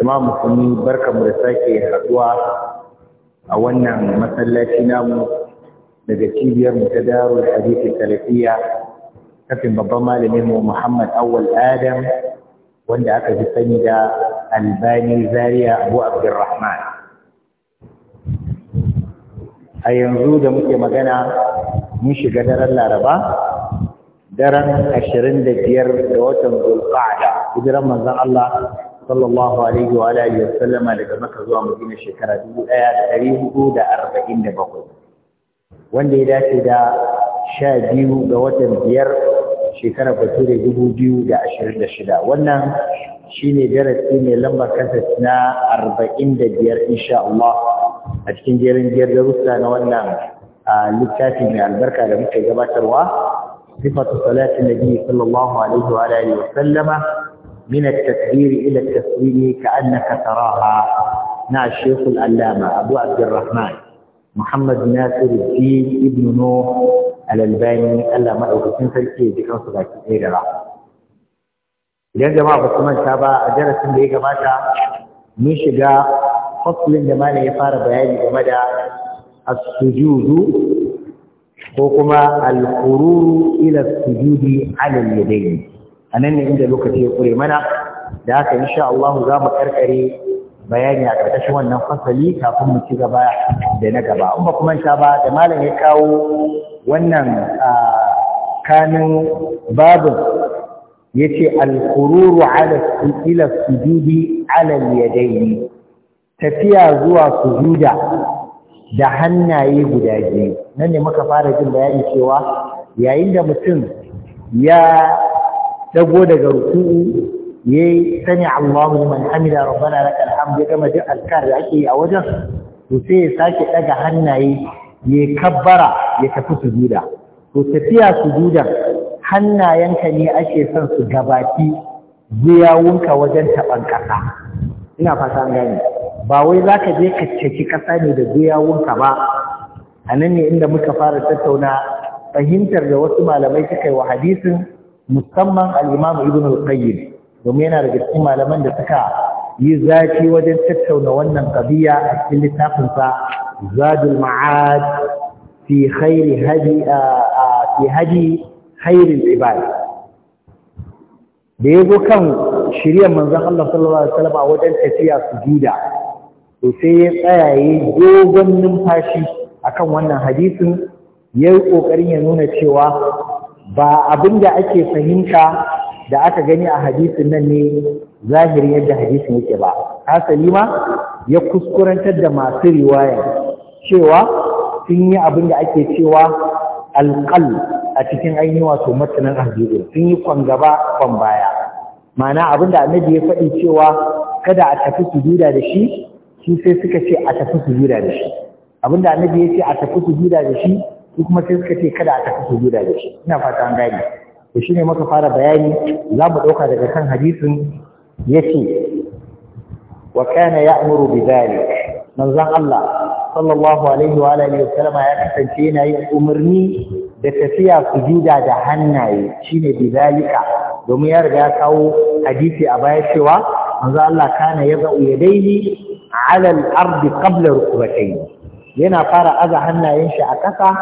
imam musulmi barka mu da sake haduwa a wannan masallaci namu daga cibiyar mu ta darul hadith salafiya kafin babban malamin mu Muhammad Awwal Adam wanda aka fi sani da Albani Zaria Abu Abdurrahman a yanzu da muke magana mun shiga daren Laraba daren ashirin da biyar da watan Zulqa'da hijiran manzon Allah sallallahu alaihi wa alihi wa sallama daga Makka zuwa Madina shekara 1447 wanda ya dace da 12 ga watan biyar shekara bature 2026 wannan shine darasi mai lambar kasa na 45 insha Allah a cikin jerin jerin darussa na wannan littafin mai albarka da muke gabatarwa sifatu salatin nabi sallallahu alaihi wa alihi wa sallama من التكبير إلى التسليم كأنك تراها مع الشيخ الألامة أبو عبد الرحمن محمد ناصر الدين ابن نوح الألباني ألا في سلسي ذكر صداكي إيرا إذن جماعة بسمان شابا أجرس من جماعة من شجاع فصل جمال يفار بياني المدى السجود وكما الخروج إلى السجود على اليدين a nan ne inda lokaci ya kure mana da haka insha Allah za mu karkare bayani a ƙarƙashin wannan fasali kafin mu ci gaba da na gaba in ba kuma sha ba da malam ya kawo wannan kanin babin ya ce alkururu ila sujudi ala yadaini tafiya zuwa sujuda da hannaye guda biyu nan ne muka fara jin bayani cewa yayin da mutum ya dago daga ruku'u yayi sani Allahu man hamida rabbana lakal Ya kama duk alkar da ake yi a wajen to sai ya sake ɗaga hannaye ya kabbara ya tafi sujuda to tafiya sujuda hannayenka ne ake son su gabaki gwiwawunka wajen taban kasa ina fata an gane ba wai zaka je ka caki kasa ne da gwiwawunka ba a nan ne inda muka fara tattauna fahimtar da wasu malamai suka yi wa hadisin musamman al'imam ibn al domin yana da cikin malaman da suka yi zafi wajen tattauna wannan qadiya a cikin littafin zadul ma'ad fi khairi hadi fi ibad kan shirin manzon Allah sallallahu alaihi wasallam a wajen tafiya sujuda to sai ya tsaya yayi dogon numfashi akan wannan hadisin yayi ƙoƙarin ya nuna cewa ba abin da ake fahimta da aka gani a hadisin nan ne zahirin yadda hadisin yake ba hasali ma ya kuskurantar da masu riwaya cewa sun yi abin da ake cewa alƙal a cikin ainihin wato matanin hadisin sun yi kwan gaba kwan baya ma'ana abin da annabi ya faɗi cewa kada a tafi sujuda da shi su sai suka ce a tafi sujuda da shi abin da annabi ya ce a tafi sujuda da shi su kuma sai suka ce kada a tafi sujuda da shi ina fata an gane to shine muka fara bayani za mu ɗauka daga kan hadisin yace wa kana ya'muru bi dhalik manzon Allah sallallahu alaihi wa alihi wasallam ya kasance yana yin umarni da tafiya sujuda da hannaye shine bi dhalika domin ya riga ya kawo hadisi a baya cewa manzon Allah kana yadau yadayhi ala al-ardi qabla rukbatayhi yana fara aza hannayen shi a ƙasa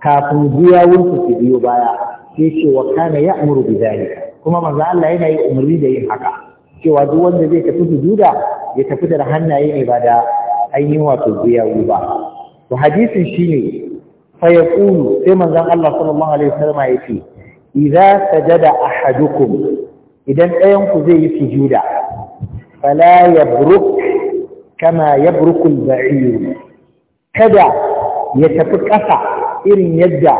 kafin gwiwawunsa su biyo baya sai ce wa kana ya amuru bi zalika kuma manzo Allah yana yi umarni da yin haka cewa duk wanda zai tafi sujuda ya tafi da hannaye ne ba da ainihin wato gwiwawu ba to hadisin shine fa yaqulu sai manzon Allah sallallahu alaihi wasallam ya ce idza sajada ahadukum idan ɗayan ku zai yi sujuda fala yabruk kama yabrukul ba'ir kada ya tafi ƙasa irin yadda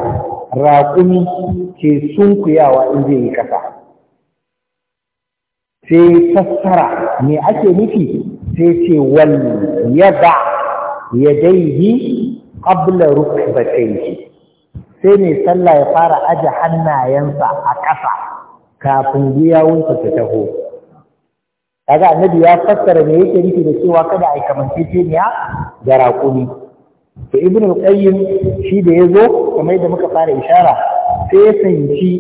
raƙumi ke sunkuyawa in zai yi ƙasa sai fassara me ake nufi sai ce wal yada yadaihi qabla rukbatayhi sai mai sallah ya fara aje hannayensa a ƙasa kafin gwiwawunsa ta taho kaga annabi ya fassara me yake nufi da cewa kada a kamance da raƙumi to ibn al-qayyim shi da yazo kamar da muka fara ishara sai ya sanci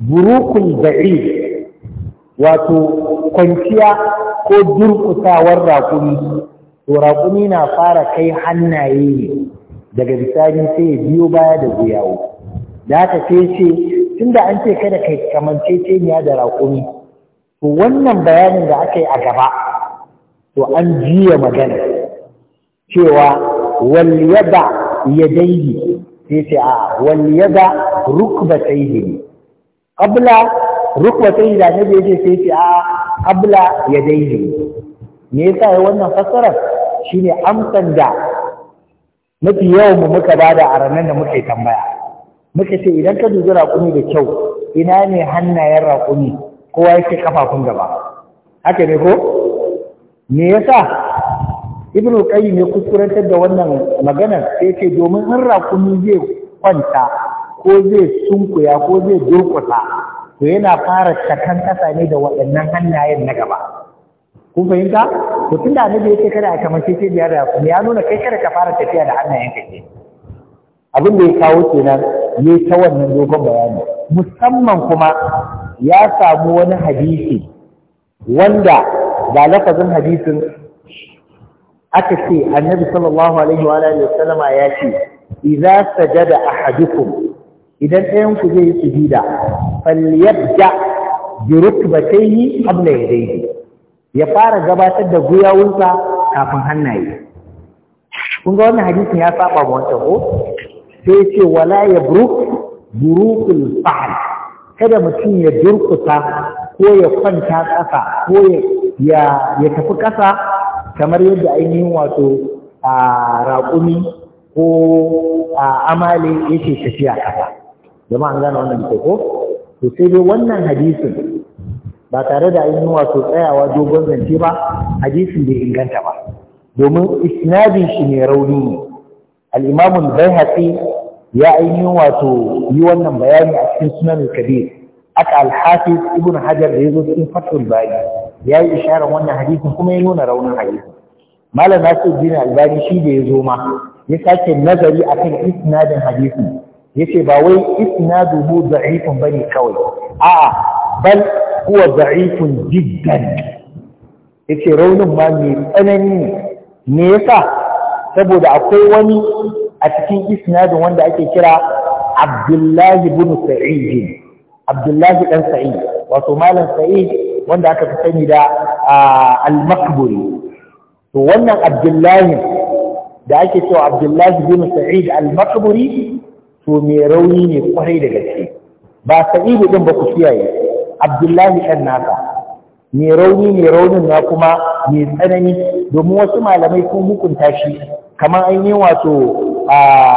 burukul ba'id wato kwanciya ko durkusawar raƙumi to raƙumi na fara kai hannaye ne daga bisani sai ya biyo baya da guyawo da haka ce tunda an ce kada kai kamanceceniya da raƙumi to wannan bayanin da aka yi a gaba to an jiya magana cewa wal yada yadayhi sai da nabi yace sai ce me yasa ya wannan fassara shine amsan da mafi yawan mu muka bada a ranar da muka yi tambaya muka ce idan ka dubi raƙumi da kyau ina ne hannayen raƙumi kowa yake kafafun gaba haka ko me yasa ibn qayyim ya kuskurantar da wannan maganar sai ce domin har rakumi zai kwanta ko zai sunkuya ko zai durkusa to yana fara takan kasa ne da waɗannan hannayen na gaba kun fahimta to tunda annabi ya ce kada a kamar sai biyar da ya nuna kai kada ka fara tafiya da hannayen ka ke abin da ya kawo kenan ya ta wannan dogon bayani musamman kuma ya samu wani hadisi wanda ba lafazin hadisin aka ce annabi sallallahu alaihi wa alihi ya ce idza sajada ahadukum idan ɗayan ku zai yi sujida falyabda bi rukbatayhi qabla yadayhi ya fara gabatar da guyawunsa kafin hannaye kun ga wannan hadisin ya saba ma wancan ko sai ce wala yabruk burukul fahl kada mutum ya durkuta ko ya kwanta ƙasa ko ya tafi ƙasa kamar yadda ainihin wato a raƙumi ko a amale yake tafiya ƙasa, jama'a an gane wannan ko to sai dai wannan hadisin ba tare da ainihin wato tsayawa dogon zance ba hadisin bai inganta ba domin isnadin shi ne rauni ne al-imamu al ya ainihin wato yi wannan bayani a cikin sunan al-kabir aka alhafiz ibn hajar da ya zo cikin fatul bari ya yi isharar wannan hadisin kuma ya nuna raunin hadisin malam nasir bin albani shi da ya zo ma ya sake nazari akan isnadin hadisin yace ba wai za'ifin ba ne kawai a'a bal huwa da'ifun jiddan yace raunin ma mai tsanani ne yasa saboda akwai wani a cikin isnadin wanda ake kira Abdullahi ibn Sa'id Abdullahi Ɗan Sa'id wato malam Sa'id wanda aka fi sani da al-Makburi to wannan Abdullahi da ake cewa Abdullahi bin Sa'id al-Makburi to me rauni ne kwarai da gaske ba Sa'id ɗin ba ku kiyaye Abdullahi Ɗan naka me rauni ne raunin na kuma me tsanani domin wasu malamai sun hukunta shi kamar ainihin wato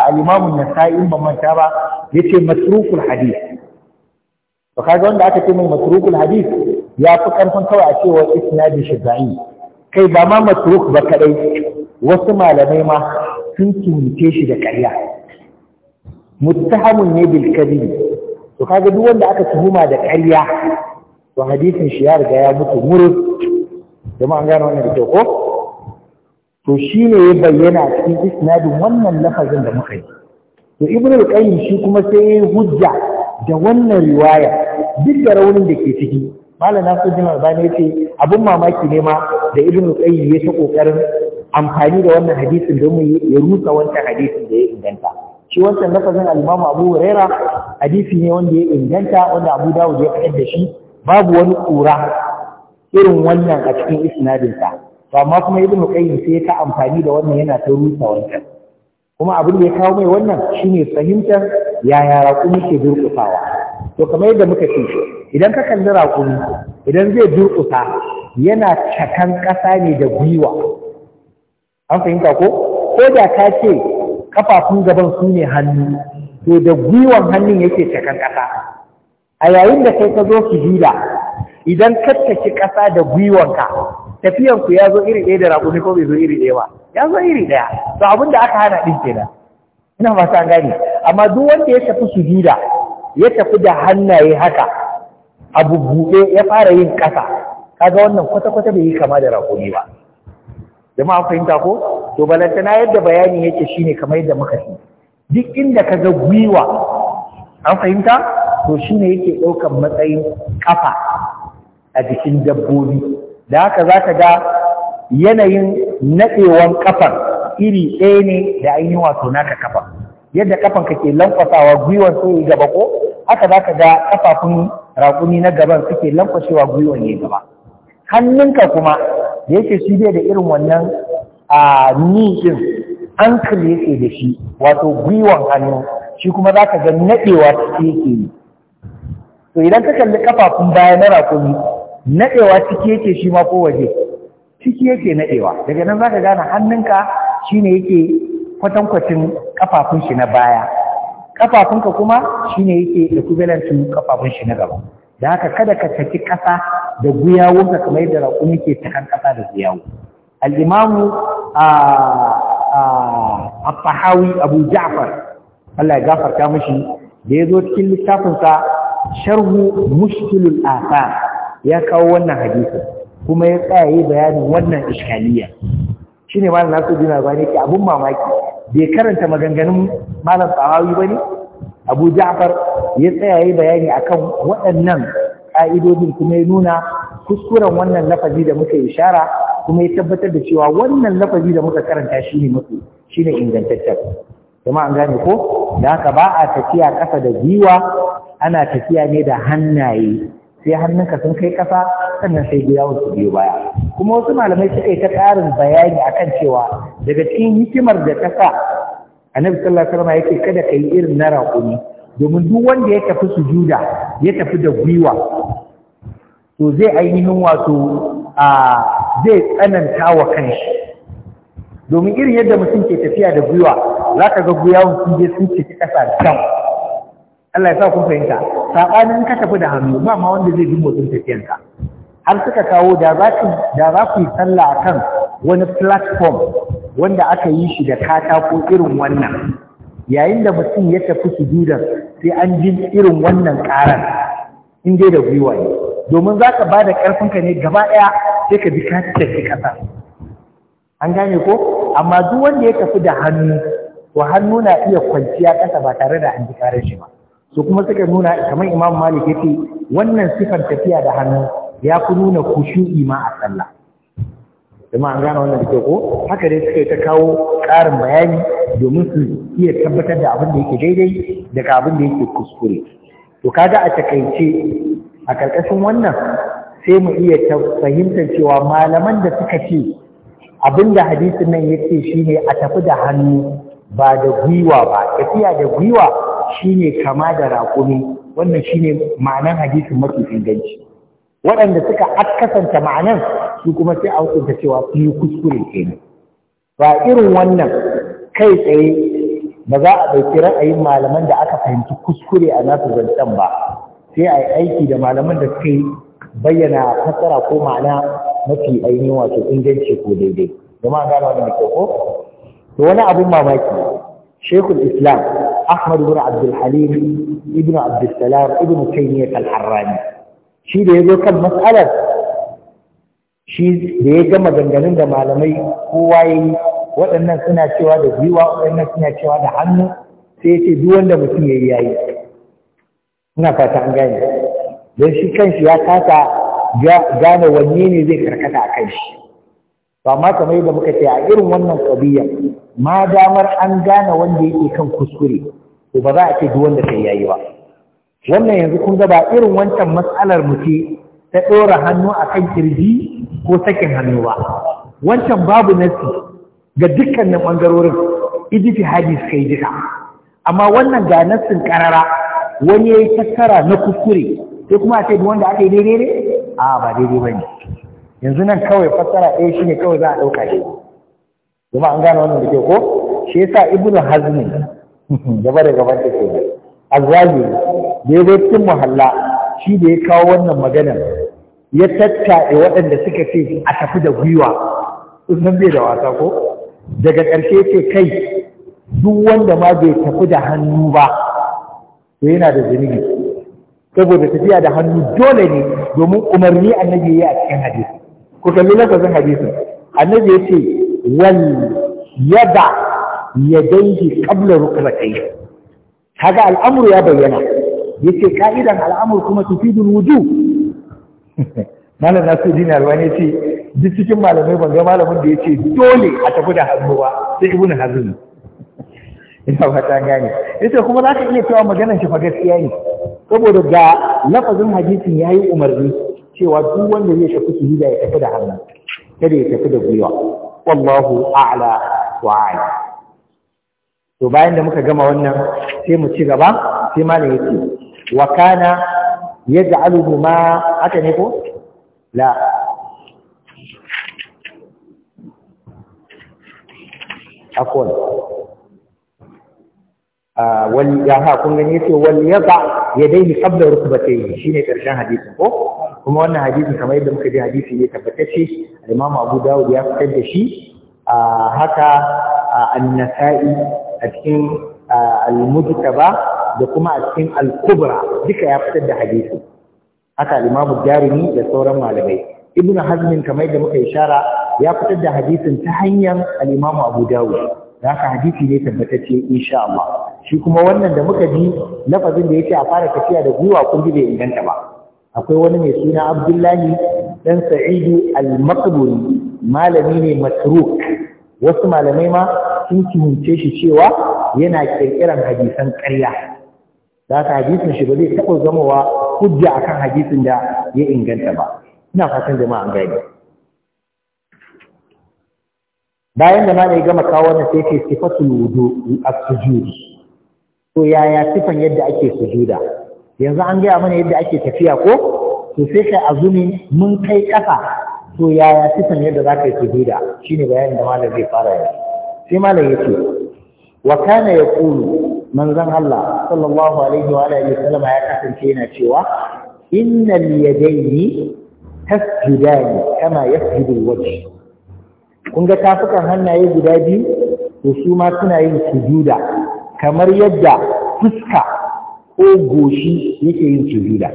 al-Imam an-Nasa'i ban manta ba yace masrukul hadith to kaga wanda aka ce min matrukul hadith ya fi karfin kawai a cewa isnadi shibai kai ba ma matruk ba kadai wasu malamai ma sun tunce shi da ƙarya muttahamun ne bil kadhib to kaga duk wanda aka tuhuma da ƙarya to hadithin shi ya riga ya mutu murus jama'a an gano wannan da ko to shine ya bayyana a cikin isnadin wannan lafazin da muka yi to ibnu al-qayyim shi kuma sai hujja da wannan riwaya duk da raunin da ke ciki malam ba ne ce abin mamaki ne ma da Ibn qayyim ya ta kokarin amfani da wannan hadisin don ya rusa wancan hadisin da ya inganta shi wancan lafazin al-Imam Abu Huraira hadisi ne wanda ya inganta wanda Abu Dawud ya fitar da shi babu wani kura irin wannan a cikin isnadin sa to amma kuma Ibn Qayyim sai ta amfani da wannan yana ta rusa wancan kuma abin da ya kawo mai wannan shine fahimtar yaya raƙumi ke durƙusawa to kamar yadda muka ce idan ka kalli raƙumi idan zai durƙusa yana cakan ƙasa ne da gwiwa an fahimta ko ko da ka ce kafafun gaban su ne hannu to da gwiwan hannun yake cakan ƙasa a yayin da kai ka zo sujuda idan ka taki ƙasa da gwiwanka tafiyan ku ya zo iri ɗaya da raƙumi ko bai zo iri ɗaya ba ya zo iri ɗaya to abin da aka hana ɗin kenan ina ta gane amma duk wanda ya tafi sujuda ya tafi da hannaye haka abu buɗe ya fara yin ƙasa kaga wannan kwata-kwata bai yi kama da raƙumi ba jama'a fahimta ko to balantana yadda bayani yake shine kamar yadda muka ci duk inda ka ga gwiwa an fahimta to shine yake ɗaukan matsayin ƙafa a jikin dabbobi da haka za ka ga yanayin naɗewan kafar iri ɗaya ne da ainihin wato naka kafa yadda kafan ka ke lankwasawa gwiwar sai gaba ko haka za ka ga kafafun raƙumi na gaban suke lankwashewa gwiwar ya gaba hannunka kuma da yake shi bai da irin wannan a ni din an yake da shi wato gwiwan hannu shi kuma za ka ga naɗewa ciki yake yi to idan ka kalli kafafun baya na raƙumi naɗewa ciki yake shi ma ko waje ciki yake naɗewa daga nan za ka gane hannunka shi ne yake kwatankwacin kafafun shi na baya ƙafafunka kuma shi ne yake da to kafafun shi na gaba da haka kada ka taki ƙasa da ka kamar yadda raƙumi ke takan ƙasa da guyawu al-imamu a fahawi abu ja'far Allah ya gafarta mashi da ya zo cikin littafinsa sharhu mushkilul athar ya kawo wannan hadisin kuma ya tsaye bayanin wannan iskaliya shine malam Nasiruddin Albani ke abun mamaki bai karanta maganganun malam Tsahawi bane Abu Ja'far ya tsaye bayani akan waɗannan ƙa'idojin kuma ya nuna kuskuren wannan lafazi da muka ishara kuma ya tabbatar da cewa wannan lafazi da muka karanta shine mafi shine ingantaccen kuma an gane ko da haka ba a tafiya ƙasa da giwa ana tafiya ne da hannaye sai hannunka sun kai ƙasa sannan sai biya wasu biyu baya kuma wasu malamai suka yi ta ƙarin bayani akan cewa daga cikin hikimar da ta sa annabi sallallahu alaihi wasallam yake kada kai irin na raƙumi domin duk wanda ya tafi sujuda ya tafi da gwiwa to zai ainihin wato a zai tsananta wa kanshi domin irin yadda mutum ke tafiya da gwiwa za ka ga gwiwa sun je sun ciki ƙasa can Allah ya sa ku fahimta in ka tafi da hannu ba ma wanda zai ji motsin tafiyanka har suka kawo da za ku da za ku yi sallah akan wani platform wanda aka yi shi da katako irin wannan yayin da mutum ya tafi sujudan sai an ji irin wannan karan in dai da gwiwa ne domin za ka ba da ƙarfinka ne gaba ɗaya sai ka bi ka tafi ƙasa an gane ko amma duk wanda ya tafi da hannu to hannu na iya kwanciya ƙasa ba tare da an ji karan shi ba su kuma suka nuna kamar imam malik yake wannan sifar tafiya da hannu ya fi nuna kushu'i ma a sallah kuma an gane wannan da ke ko haka dai suka yi ta kawo ƙarin bayani domin su iya tabbatar da abin da yake daidai daga abin da yake kuskure to kaga a takaice a ƙarƙashin wannan sai mu iya fahimtar cewa malaman da suka ce abin da hadisin nan ya ce shine a tafi da hannu ba da gwiwa ba tafiya da gwiwa Shi ne kama da raƙumi wannan shi ne ma'anar hadisin mafi inganci waɗanda suka akasanta ma'anan su kuma sai a hukunta cewa sun yi kuskure ne ba irin wannan kai tsaye ba za a ɗauki ra'ayin malaman da aka fahimci kuskure a nasu zancen ba sai a yi aiki da malaman da suka bayyana fassara ko ma'ana mafi ainihin wato inganci ko daidai Gama gane wani da ke ko to wani abin mamaki شيخ الإسلام أحمد بن عبد الحليم ابن عبد السلام ابن تيمية الحراني shi da ya zo kan matsalar shi da ya gama danganin da malamai kowa ya yi waɗannan suna cewa da gwiwa waɗannan suna cewa da hannu sai ya ce duk wanda mutum yayi ina fata an gane don shi kanshi ya kasa gane wanne ne zai karkata a kan shi Ba ma kamar yadda muka ce a irin wannan kabiya ma damar an gane wanda yake kan kuskure to ba za a ce duk wanda sai yayi ba wannan yanzu kun ga ba irin wancan matsalar mu ce ta ɗora hannu a kan kirji ko sakin hannu ba wancan babu nasi ga dukkanin ɓangarorin idifi hadis kai duka amma wannan ga nasin karara wani ya yi tattara na kuskure sai kuma a ce wanda aka yi daidai ne a ba daidai ba ne yanzu nan kawai fassara ɗaya shi ne kawai za a ɗauka shi kuma an gane wannan da ke ko shi yasa ibnu hazmi gaba da gaban da azzaji da ya bai cikin muhalla shi da ya kawo wannan magana ya tattaɗe waɗanda suka ce a tafi da gwiwa sun bai da wasa ko daga ƙarshe ce kai duk wanda ma bai tafi da hannu ba to yana da zunubi saboda tafiya da hannu dole ne domin umarni annabi ya yi a cikin hadisi ku kalli lafazin hadisin annabi ya ce wal yada kabla qabla kai kaga al'amur ya bayyana ya ce ka'idan al'amur kuma tufidul wuju. malam Nasiruddin Alwani ce duk cikin malamai ban ga malamin da ya ce dole a tafi da hannu ba sai Ibn Hazm ina fata gane yace kuma za ka iya cewa maganar shi fa gaskiya ne saboda ga lafazin hadisin yayi umarni cewa duk wanda zai tafi sujuda ya tafi da hannu kada ya tafi da gwiwa wallahu a'la wa a'lam to bayan da muka gama wannan sai mu ci gaba sai malam yake wa kana yaj'aluhu ma aka ne ko la akwai wani ya ha kun ya ba ya daini yadayhi rukubatai shi ne karshen hadithin ko kuma wannan hadisi kamar yadda muka ji hadisi ne tabbatacce al-Imam Abu Dawud ya fitar da shi haka an-Nasa'i a cikin al-Mujtaba da kuma a cikin al-Kubra duka ya fitar da hadisi haka imam da sauran malamai Ibn Hazm kamar yadda muka ishara ya fitar da hadisin ta hanyar al-Imam Abu Dawud haka hadisi ne tabbatacce insha Allah shi kuma wannan da muka ji lafazin da yake a fara tafiya da gwiwa kun ji bai inganta ba akwai wani mai suna abdullahi dan sa'idu al-maqburi malami ne matruk wasu malamai ma sun tuhunce shi cewa yana kirkiran hadisan ƙarya da ka hadisin shi ba zai taɓa zamowa hujja akan hadisin da ya inganta ba ina fatan jama'a an gani bayan da malai gama kawo wannan sai ce sifatul wudu as to yaya sifan yadda ake sujuda yanzu an gaya mana yadda ake tafiya ko to sai kai azumi mun kai ƙasa to yaya sifan yadda za ka yi sujuda shine bayanin da malam zai fara yanzu sai malam ya ce wa kana yaqulu manzon Allah sallallahu alaihi wa alihi wasallam ya kasance yana cewa innal yadayni tasjudani kama yasjudu alwajh kun ga tafukan hannaye guda biyu to su ma suna yin sujuda kamar yadda fuska ko goshi yake yin sujuda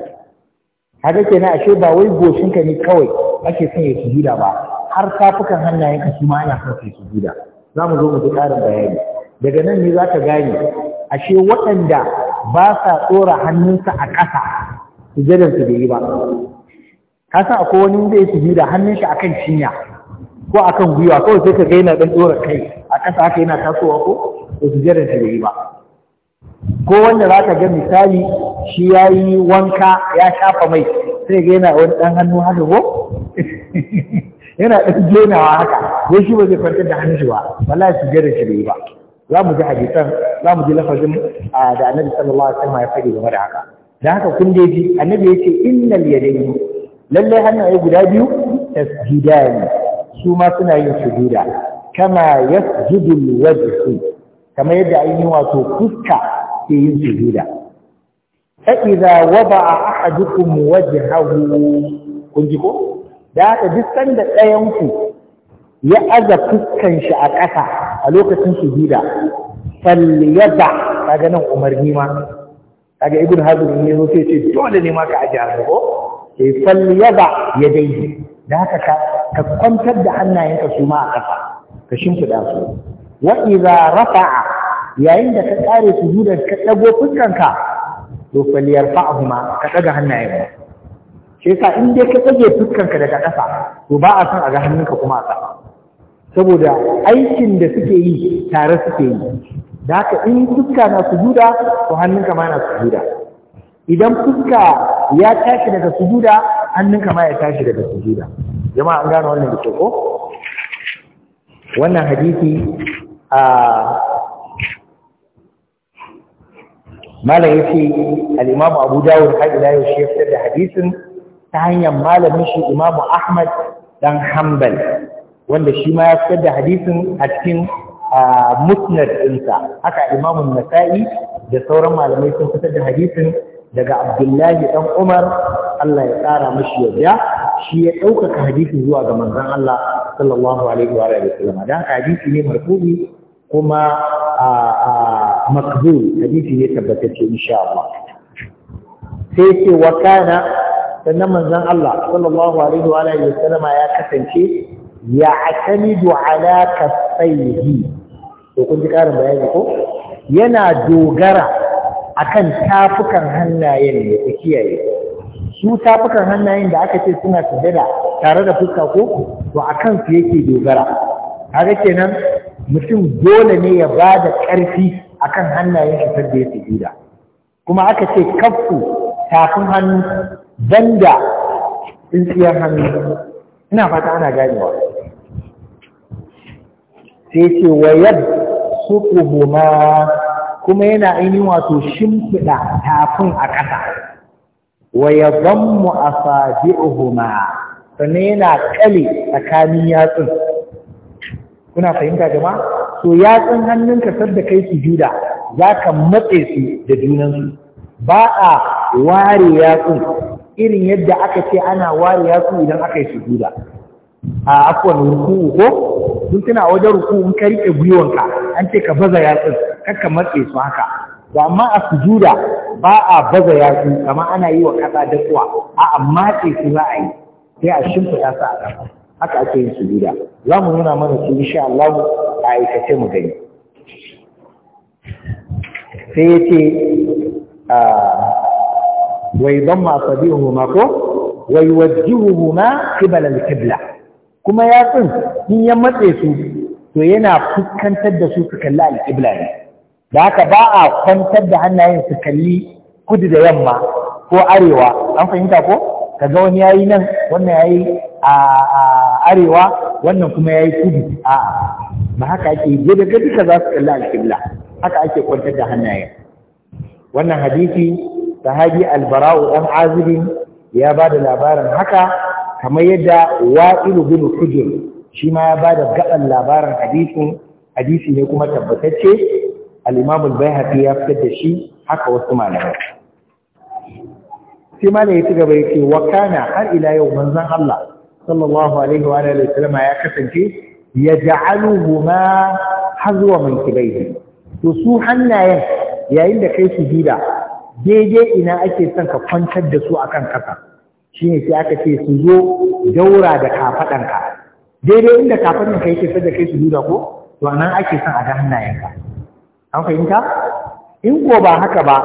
haka kenan ashe ba wai goshinka ne kawai ake son ya sujuda ba har tafukan ka su ma ana son su sujuda za mu zo mu ji ƙarin bayani daga nan ne za ka gane ashe waɗanda ba sa tsora hannunsa a ƙasa su bai yi ba ka san akwai wani zai sujuda hannun shi akan cinya ko akan gwiwa kawai sai ka ga yana ɗan tsora kai a ƙasa haka yana tasowa ko to su bai yi ba ko wanda za ka ga misali shi ya yi wanka ya shafa mai sai ga yana wani ɗan hannu haka ko yana ɗan jenawa haka ko shi ba zai kwantar da hannu shi ba wala su gare shi ba za mu ji hadisan za mu ji lafazin da annabi sallallahu alaihi wasallam ya faɗi game da haka da haka kun dai ji annabi ya ce innal yadayni lalle hannaye guda biyu tasjidani su ma suna yin sujuda kama yasjudu alwajhu kamar yadda ainihin wato fuska ke yin sujuda fa idza wada'a ahadukum wajhahu kun ji ko da haka duk sanda ɗayan ku ya aza fuskan shi a ƙasa a lokacin sujuda falyada kaga nan umarni ma kaga ibn hazm ne zo sai ce dole ne ma ka aje hannu ko sai eh, falyada ya daidai da haka ka kwantar da hannayenka su ma a ƙasa ka shimfiɗa su wa idza rafa'a yayin da ka tsare sujudan ka dago fuskanka to falyarfa'huma ka daga hannayen shi yasa in dai ka tsage fuskanka daga ƙasa to ba a san a ga hannunka kuma a ƙasa saboda aikin da suke yi tare suke yi da haka in fuska na sujuda to hannunka ma na sujuda idan fuska ya tashi daga sujuda hannunka ma ya tashi daga sujuda jama'a an gano wannan da ko wannan hadisi malam yake ce abu dawud har ila shi ya fitar da hadisin ta hanyar malamin shi imamu ahmad dan Hambal, wanda shi ma ya fitar da hadisin a cikin musnad ɗinsa haka imamun nasa'i da sauran malamai sun fitar da hadisin daga abdullahi dan umar Allah ya tsara mashi yadda shi ya ɗaukaka hadisi zuwa ga manzon Allah sallallahu alaihi wa sallam, wasallam hadisi ne marfubi kuma a makbul hadisi ne tabbatacce insha Allah sai ce wa kana sannan manzon Allah sallallahu alaihi wa alihi wasallama ya kasance ya atamidu ala kaffaihi to kun ji karin bayani ko yana dogara akan tafukan hannayen ne ta kiyaye su tafukan hannayen da aka ce suna tsada tare da fuska ko to akan su yake dogara kaga kenan mutum dole ne ya ba da ƙarfi a kan hannayen shi da ya sujuda kuma aka ce kaffu tafin hannu banda tsintsiyar hannu ina fata ana ganewa sai ce wa ma kuma yana ainihin wato shimfiɗa tafin a ƙasa wa a asabi'uhuma sannan yana ƙale tsakanin yatsun kuna fahimta jama'a to yatsun hannunka sadda kai su sujuda ka matse su da junansu ba a ware yatsun irin yadda aka ce ana ware yatsu idan aka yi sujuda a akwai ruku'u ko sun tana wajen ruku'u in ka rike gwiwanka an ce ka baza yatsun kar ka matse su haka to amma a sujuda ba a baza yatsu kamar ana yi wa kasa kuwa a amma ce su za a yi sai a shimfiɗa su a ƙasa haka ake yin sujuda za mu nuna mana su insha Allah a aikace mu gani sai ya ce ah, wai ban masu biyu ma ko wai wajihu ma kibalar kibla kuma yatsun in ya matse su to yana fuskantar da su su kalli alkibla ne da haka ba a kwantar da hannayen su kalli kudu da yamma ko arewa an fahimta ko Ka ga wani yayi nan wannan yayi a arewa wannan kuma ya yi kudu a ba haka ake yi daga duka za su kalla alƙibla haka ake kwantar da hannaye. wannan hadisi Sahadi albara'u ɗan azubi ya ba da labarin haka kamar yadda wa'ilu bin hujur shi ma ya ba da gaban labarin hadisin hadisi ne kuma tabbatacce al bai ya fitar da shi haka wasu malamai sai malai ya ci gaba ya wa kana har ila yau manzan Allah sallallahu alaihi wa alihi wasallam ya kasance yaj'aluhuma hazwa mankibaihi to su hannayen yayin da kai sujuda daidai ina ake son ka kwantar da su akan kasa shine sai aka ce su zo daura da kafaɗanka. daidai inda kafadanka yake sai da kai sujuda ko to anan ake son a ga hannayenka an fahimta in ko ba haka ba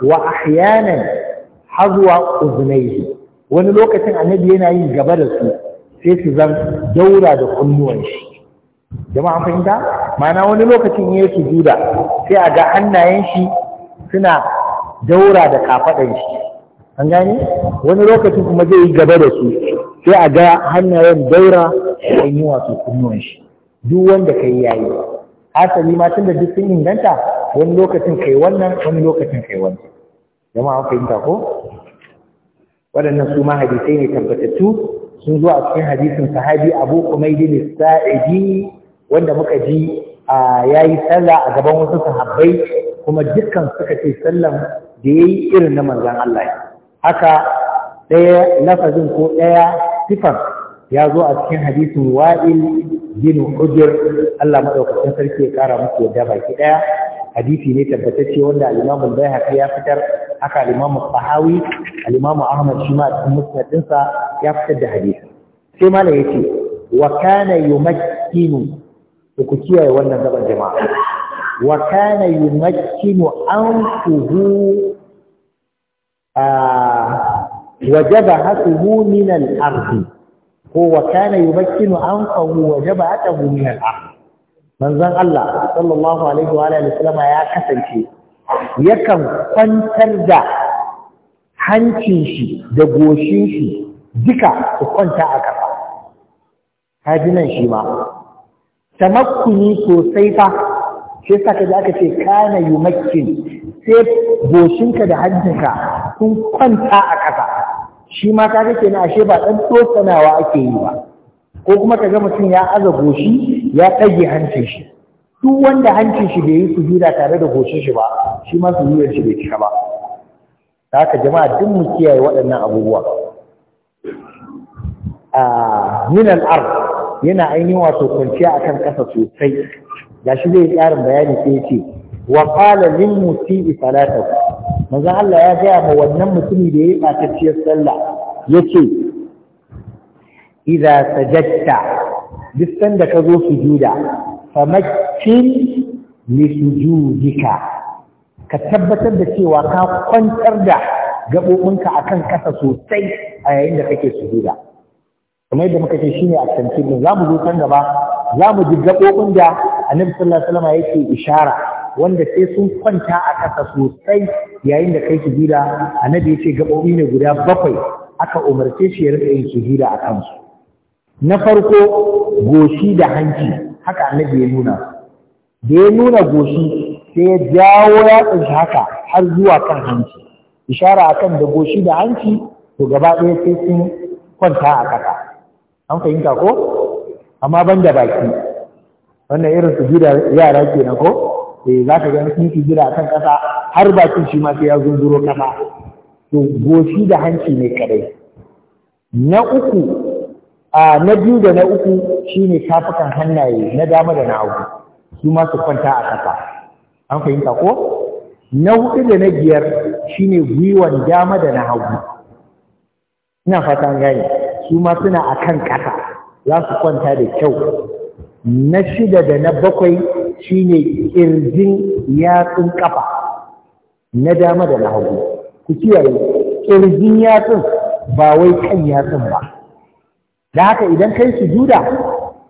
wa ahyanan hazwa uznaihi wani lokacin annabi yana yin gaba da su sai su zan daura da kunnuwan shi jama'a fahimta ma'ana wani lokacin ya su juda sai a ga hannayen shi suna daura da kafaɗan shi an gane wani lokacin kuma zai yi gaba da su sai a ga hannayen daura da yi su kunnuwan shi duk wanda ka yi yayi asali ma tun da duk sun inganta wani lokacin kai wannan wani lokacin kai wannan jama'a fahimta ko waɗannan su ma hadisai ne tabbatattu sun zo a cikin hadisin sahabi abu umaydin sa'idi wanda muka ji ya yi sallah a gaban wasu sahabbai kuma dukkan suka ce sallan da ya yi irin na manzan Allah haka ɗaya lafazin ko ɗaya sifan ya zo a cikin hadisin wa'il bin hujjar Allah maɗaukacin sarki ya ƙara musu yadda baki ɗaya hadisi ne tabbatacce wanda al-Imam al-Baihaqi ya fitar haka al-Imam al-Tahawi al-Imam Ahmad shi ma a cikin musnadin sa ya fitar da hadisi sai malam yace wa kana yumakkinu ku kiyaye wannan gaban jama'a wa kana yumakkinu anfuhu وجبهته من الأرض هو كان يمكن أنفه وجبهته من الأرض manzon Allah sallallahu alaihi wa alihi ya kasance yakan kwantar da hancin shi da goshin shi duka su kwanta a kafa nan shi ma tamakkuni sosai fa shi yasa kaji aka ce kana yumakkin sai goshinka da hancinka sun kwanta a ƙasa shi ma kaga kenan ashe ba ɗan tsokanawa ake yi ba ko kuma ka ga mutum ya aza goshi ya ɗage hancin shi duk wanda hancin shi bai yi sujuda tare da goshin shi ba shi ma sujudar shi bai cika ba da haka jama'a duk mu kiyaye waɗannan abubuwa a minal ar yana ainihin wato kwanciya akan ƙasa sosai shi zai ƙarin bayani sai ya ce wa qala lil musii'i salatahu manzo Allah ya gaya ma wannan mutumi da ya yi batacciyar sallah yace idza sajadta duk sanda ka zo sujuda famakkin li sujudika ka tabbatar da cewa ka kwantar da gabobinka akan kasa sosai a yayin da kake sujuda kamar yadda muka ce shine a tantin za mu zo can gaba za mu ji gabobin da annabi sallallahu alaihi wasallam yake ishara wanda sai sun kwanta a kasa sosai yayin da kai sujuda annabi yace gabobi ne guda bakwai aka umarce shi ya rika yin sujuda a kansu na farko goshi da hanci haka annabi ya nuna da ya nuna goshi sai ya jawo ya tsinci haka har zuwa kan hanci ishara akan da goshi da hanci to gaba ɗaya sai sun kwanta a ƙasa an fahimta ko amma ban da baki wannan irin su gida yara na ko eh za ka ga sun su gida akan ƙasa har bakin shi ma sai ya zunzuro ƙasa to goshi da hanci ne kadai na uku a na biyu da na uku shine tafukan hannaye na dama da na hagu su ma su kwanta a ƙasa an fahimta ko na hudu da na biyar ne gwiwan dama da na hagu ina fatan gane su ma suna a kan ƙasa za su kwanta da kyau na shida da na bakwai shi ne ƙirjin yatsun ƙafa na dama da na hagu ku kiyaye ƙirjin yatsun ba wai kan yatsun ba da haka idan kai su juda,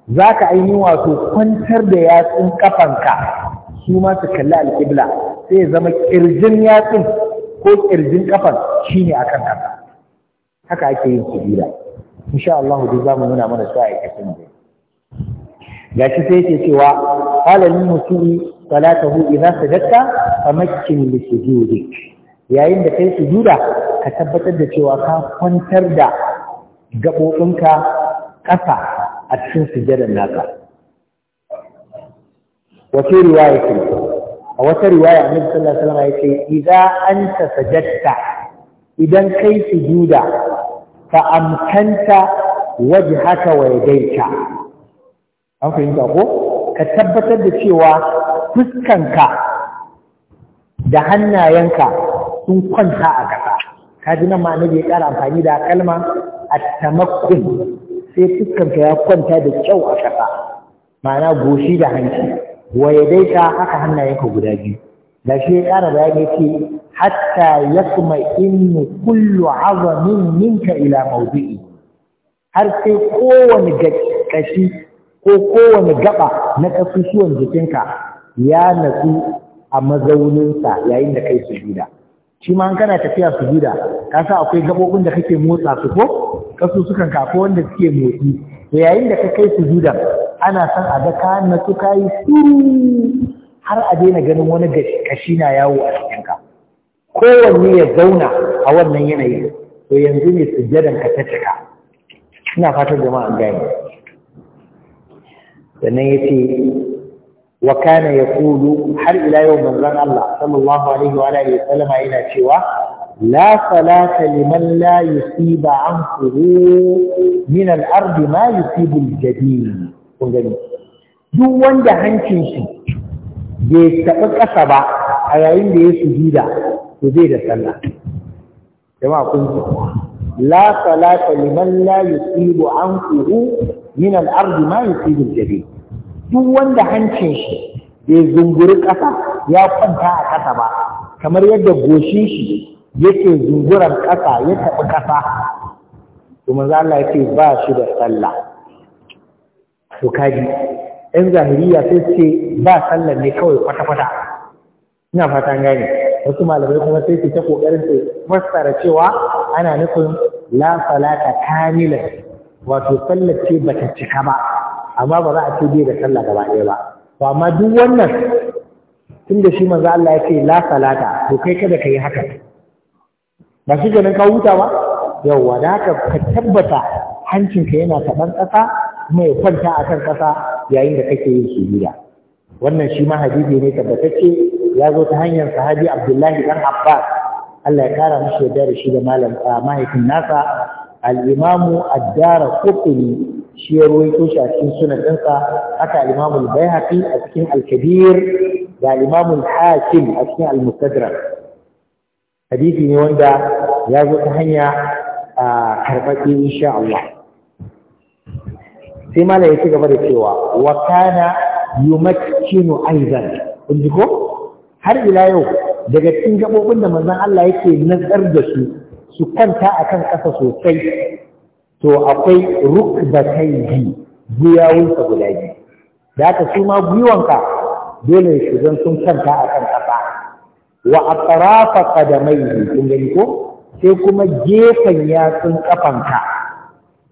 za ka aini wato kwantar da yatsun kafanka su ma su kalli alƙibla sai ya zama ƙirjin yatsun ko ƙirjin kafan shi ne akan kafa haka ake yin sujuda insha Allah duk za mu nuna mana su a aikacin da shi sai yake cewa qala lil musii salatahu idza sajadta famakkin li sujudik yayin da kai sujuda ka tabbatar da cewa ka kwantar da gaɓoɓinka ƙasa a cikin sujjadar naka wace riwaya ce a wata riwaya annabi sallallahu alaihi wasallam yace idza anta sajadta idan kai sujuda fa amkanta wajhaka wa yadayka an fahimta ko ka tabbatar da cewa fuskanka da hannayenka sun kwanta a ƙasa kaji nan ma nabi ya ƙara amfani da kalma a tamakkun sai fuskanka ya kwanta da kyau a ƙasa ma'ana goshi da hanci wa aka haka hannayenka guda biyu da shi ya ƙara bayani ce hatta yasma innu kullu azamin minka ila mawdi'i har sai kowane kashi ko kowane gaba na kasusuwan jikinka ya natsu a mazauninsa yayin da kai su gida shi ma kana tafiya su sujuda ka sa akwai gabobin da kake motsa su ko kasu suka kafa wanda suke motsi to yayin da ka kai su gida ana san a ga ka na su kai suru har a daina ganin wani kashi na yawo a cikin ka kowanne ya zauna a wannan yanayi to yanzu ne sujadan ka ta cika ina fatan jama'a gani sannan yace wa kana yaqulu har ila yau manzon Allah sallallahu alaihi wa alihi sallama yana cewa la salata liman la yusiba anfuhu min al-ard ma yusibu al-jadid kun gani duk wanda hancin shi bai taɓa ƙasa ba a yayin da ya sujuda to zai da sallah jama'a kun ji la salata liman la yusibu ma duk wanda hancin shi bai zunguri ƙasa ya kwanta a ƙasa ba kamar yadda goshin shi yake zunguran ƙasa ya taɓi ƙasa to manzo Allah yake ba shi da sallah to kaji ɗan zahiriya sai ce ba sallah ne kawai kwata-kwata ina fata gane wasu malamai kuma sai su ta kokarin su fassara cewa ana nufin la salata kamilan wato sallar ce bata cika ba amma ba za a ce bai da sallah gaba ɗaya ba to amma duk wannan tun da shi manzo Allah ya ce la salata to kai kada ka yi haka ba shi ganin ka huta ba yawwa da haka ka tabbata hancinka yana taɓan ƙasa kuma ya kwanta a kan ƙasa yayin da kake yin sujuda wannan shi ma hadisi ne tabbatacce ya zo ta hanyar sahabi Abdullahi dan Abbas Allah ya kara mishi yadda da shi da malam ah, mahaifin nasa al-imamu ad-dara qutni shi ya ruwaito shi a cikin sunan ɗinsa haka al-imamu al-baihaqi a cikin al-kabir da al-imamu al-hakim a cikin al-mustadrak hadisi ne wanda ya zo ta hanya a karɓaƙe insha sai mala ya ci gaba da cewa wa kana yumakkinu aidan kun ji ko har ila yau daga cikin gabobin da manzon Allah yake nazar da su su kwanta a kan ƙasa sosai to akwai rukbatai ji guyawunsa guda biyu da aka su ma gwiwanka dole su zan sun kwanta a kan ƙasa wa a atrafa ne kun gani ko sai kuma gefen yatsun ƙafanka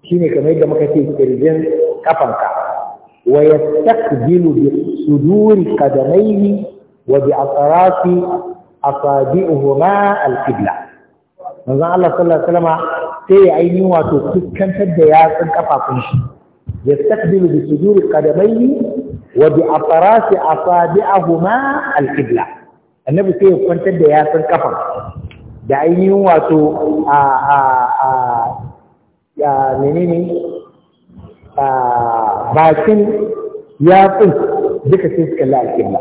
shine kamar yadda muka ce kirjin ƙafanka wa yastaqbilu bi suduri qadamaihi wa bi asrafi asabi'uhuma al manzon Allah sallallahu alaihi wasallam sai ya yi wato kuskantar da yatsun kafafun shi yastaqbilu bi suduri qadamayhi wa bi atrasi asabi'ahuma al-qibla annabi sai ya kwantar da yatsun kafa da ainihin wato a a a ya menene a bakin yatsun duka sai suka la al-qibla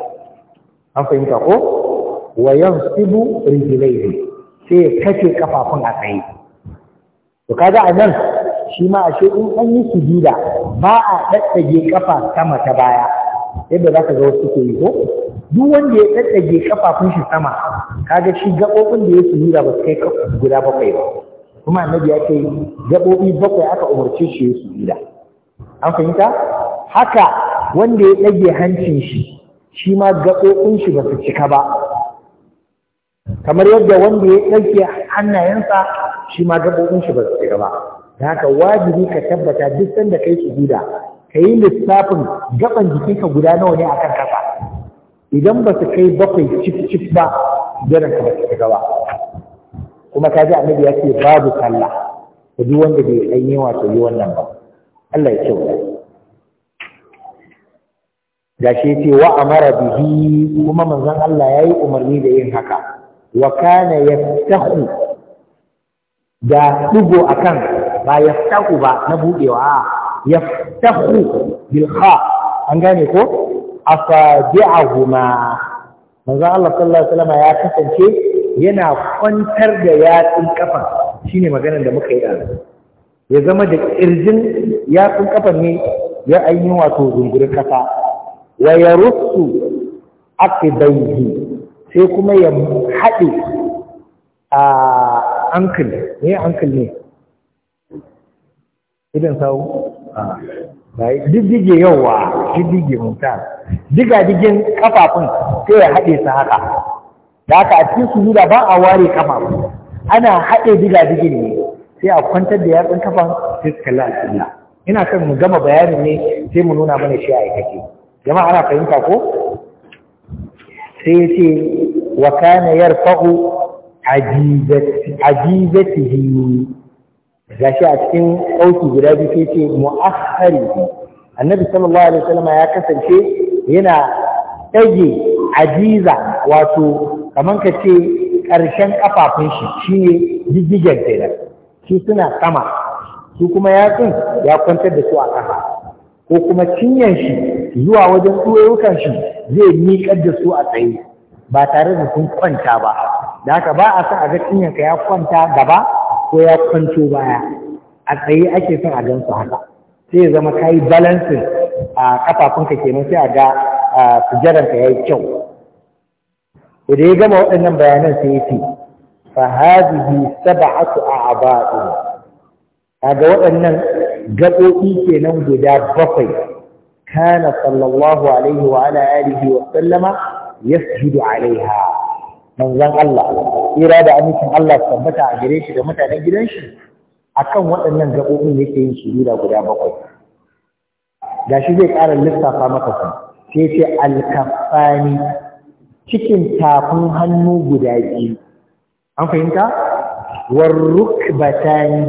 an fahimta ko wa yansibu rijlaihi sai ya kafe kafafun a tsaye to kaga a nan shi ma ashe in an yi sujuda ba a ɗaɗɗage kafa sama ta baya yadda zaka ga wasu ke yi ko duk wanda ya ɗaɗɗage kafafun shi sama kaga shi gaɓoɓin da ya sujuda ba su kai guda bakwai ba kuma annabi ya ce gaɓoɓi bakwai aka umarce shi ya sujuda an fahimta haka wanda ya ɗage hancin shi shi ma gaɓoɓin shi ba su cika ba kamar yadda wanda ya ɗauke hannayensa shi ma gabobin shi ba su shiga ba da haka wajibi ka tabbata duk sanda kai sujuda ka yi lissafin gaban jikinka guda nawa ne akan kasa idan ba su kai bakwai cif cif ba jiran ka ba su shiga ba kuma ka ji annabi ya ce babu sallah ka ji wanda bai ɗan yi wato yi wannan ba Allah ya kyau gashi ya ce wa amara bihi kuma manzon Allah ya yi umarni da yin haka wa kana yaftahu da dugo akan ba yaftahu ba na budewa ah, yaftahu bil kha an gane ko asabi'ahuma manzo Allah sallallahu alaihi wasallam ya kasance yana kwantar da yatsun kafa shine maganar da muka yi da ya zama da kirjin yatsun kafa ne ya ainihin wato zungurin ƙasa. wa yarussu aqdaihi sai kuma ya haɗe a ankle ne ankle ne idan sau a bai diddige yawa diddige mutan digadigin kafafun sai ya haɗe su haka da aka a cikin sujuda ba a ware kafafun ana haɗe digadigin ne sai a kwantar da yatsun kafan sai su kalli ina kan mu gama bayanin ne sai mu nuna mana shi a aikace jama'a ana fahimta ko sai ce wa kana yarfa'u ajizatihi shi a cikin ɗauki guda biyu sai ce mu'akhari annabi sallallahu alaihi wasallam ya kasance yana ɗage ajiza wato kamar ka ce ƙarshen ƙafafun shi shine jijjigen kenan shi suna sama su kuma ya yatsun ya kwantar da su a ƙasa ko kuma cinyan shi zuwa wajen tsoyukan shi zai miƙar da su a tsaye ba tare da sun kwanta ba da haka ba a san a ga cinyanka ya kwanta gaba ko ya kwanto baya a tsaye ake son a gansu haka sai ya zama kayi yi balansin a kafafunka kenan sai a ga sujaranka ya yayi kyau da ya gama waɗannan bayanan sai ya ce fa hadhihi sab'atu a'ba'u kaga waɗannan gaɓoɓi kenan guda bakwai كان صلى الله alaiha. وعلى Allah, وسلم da عليها Allah tabbata a gare shi da ثبتها gidan shi? نجريش akan waɗannan gaɓoɓin yake yin sujuda guda bakwai shi zai ƙara lissafa maka sun sai ce alkafani cikin tafin hannu guda biyu an fahimta warruk batani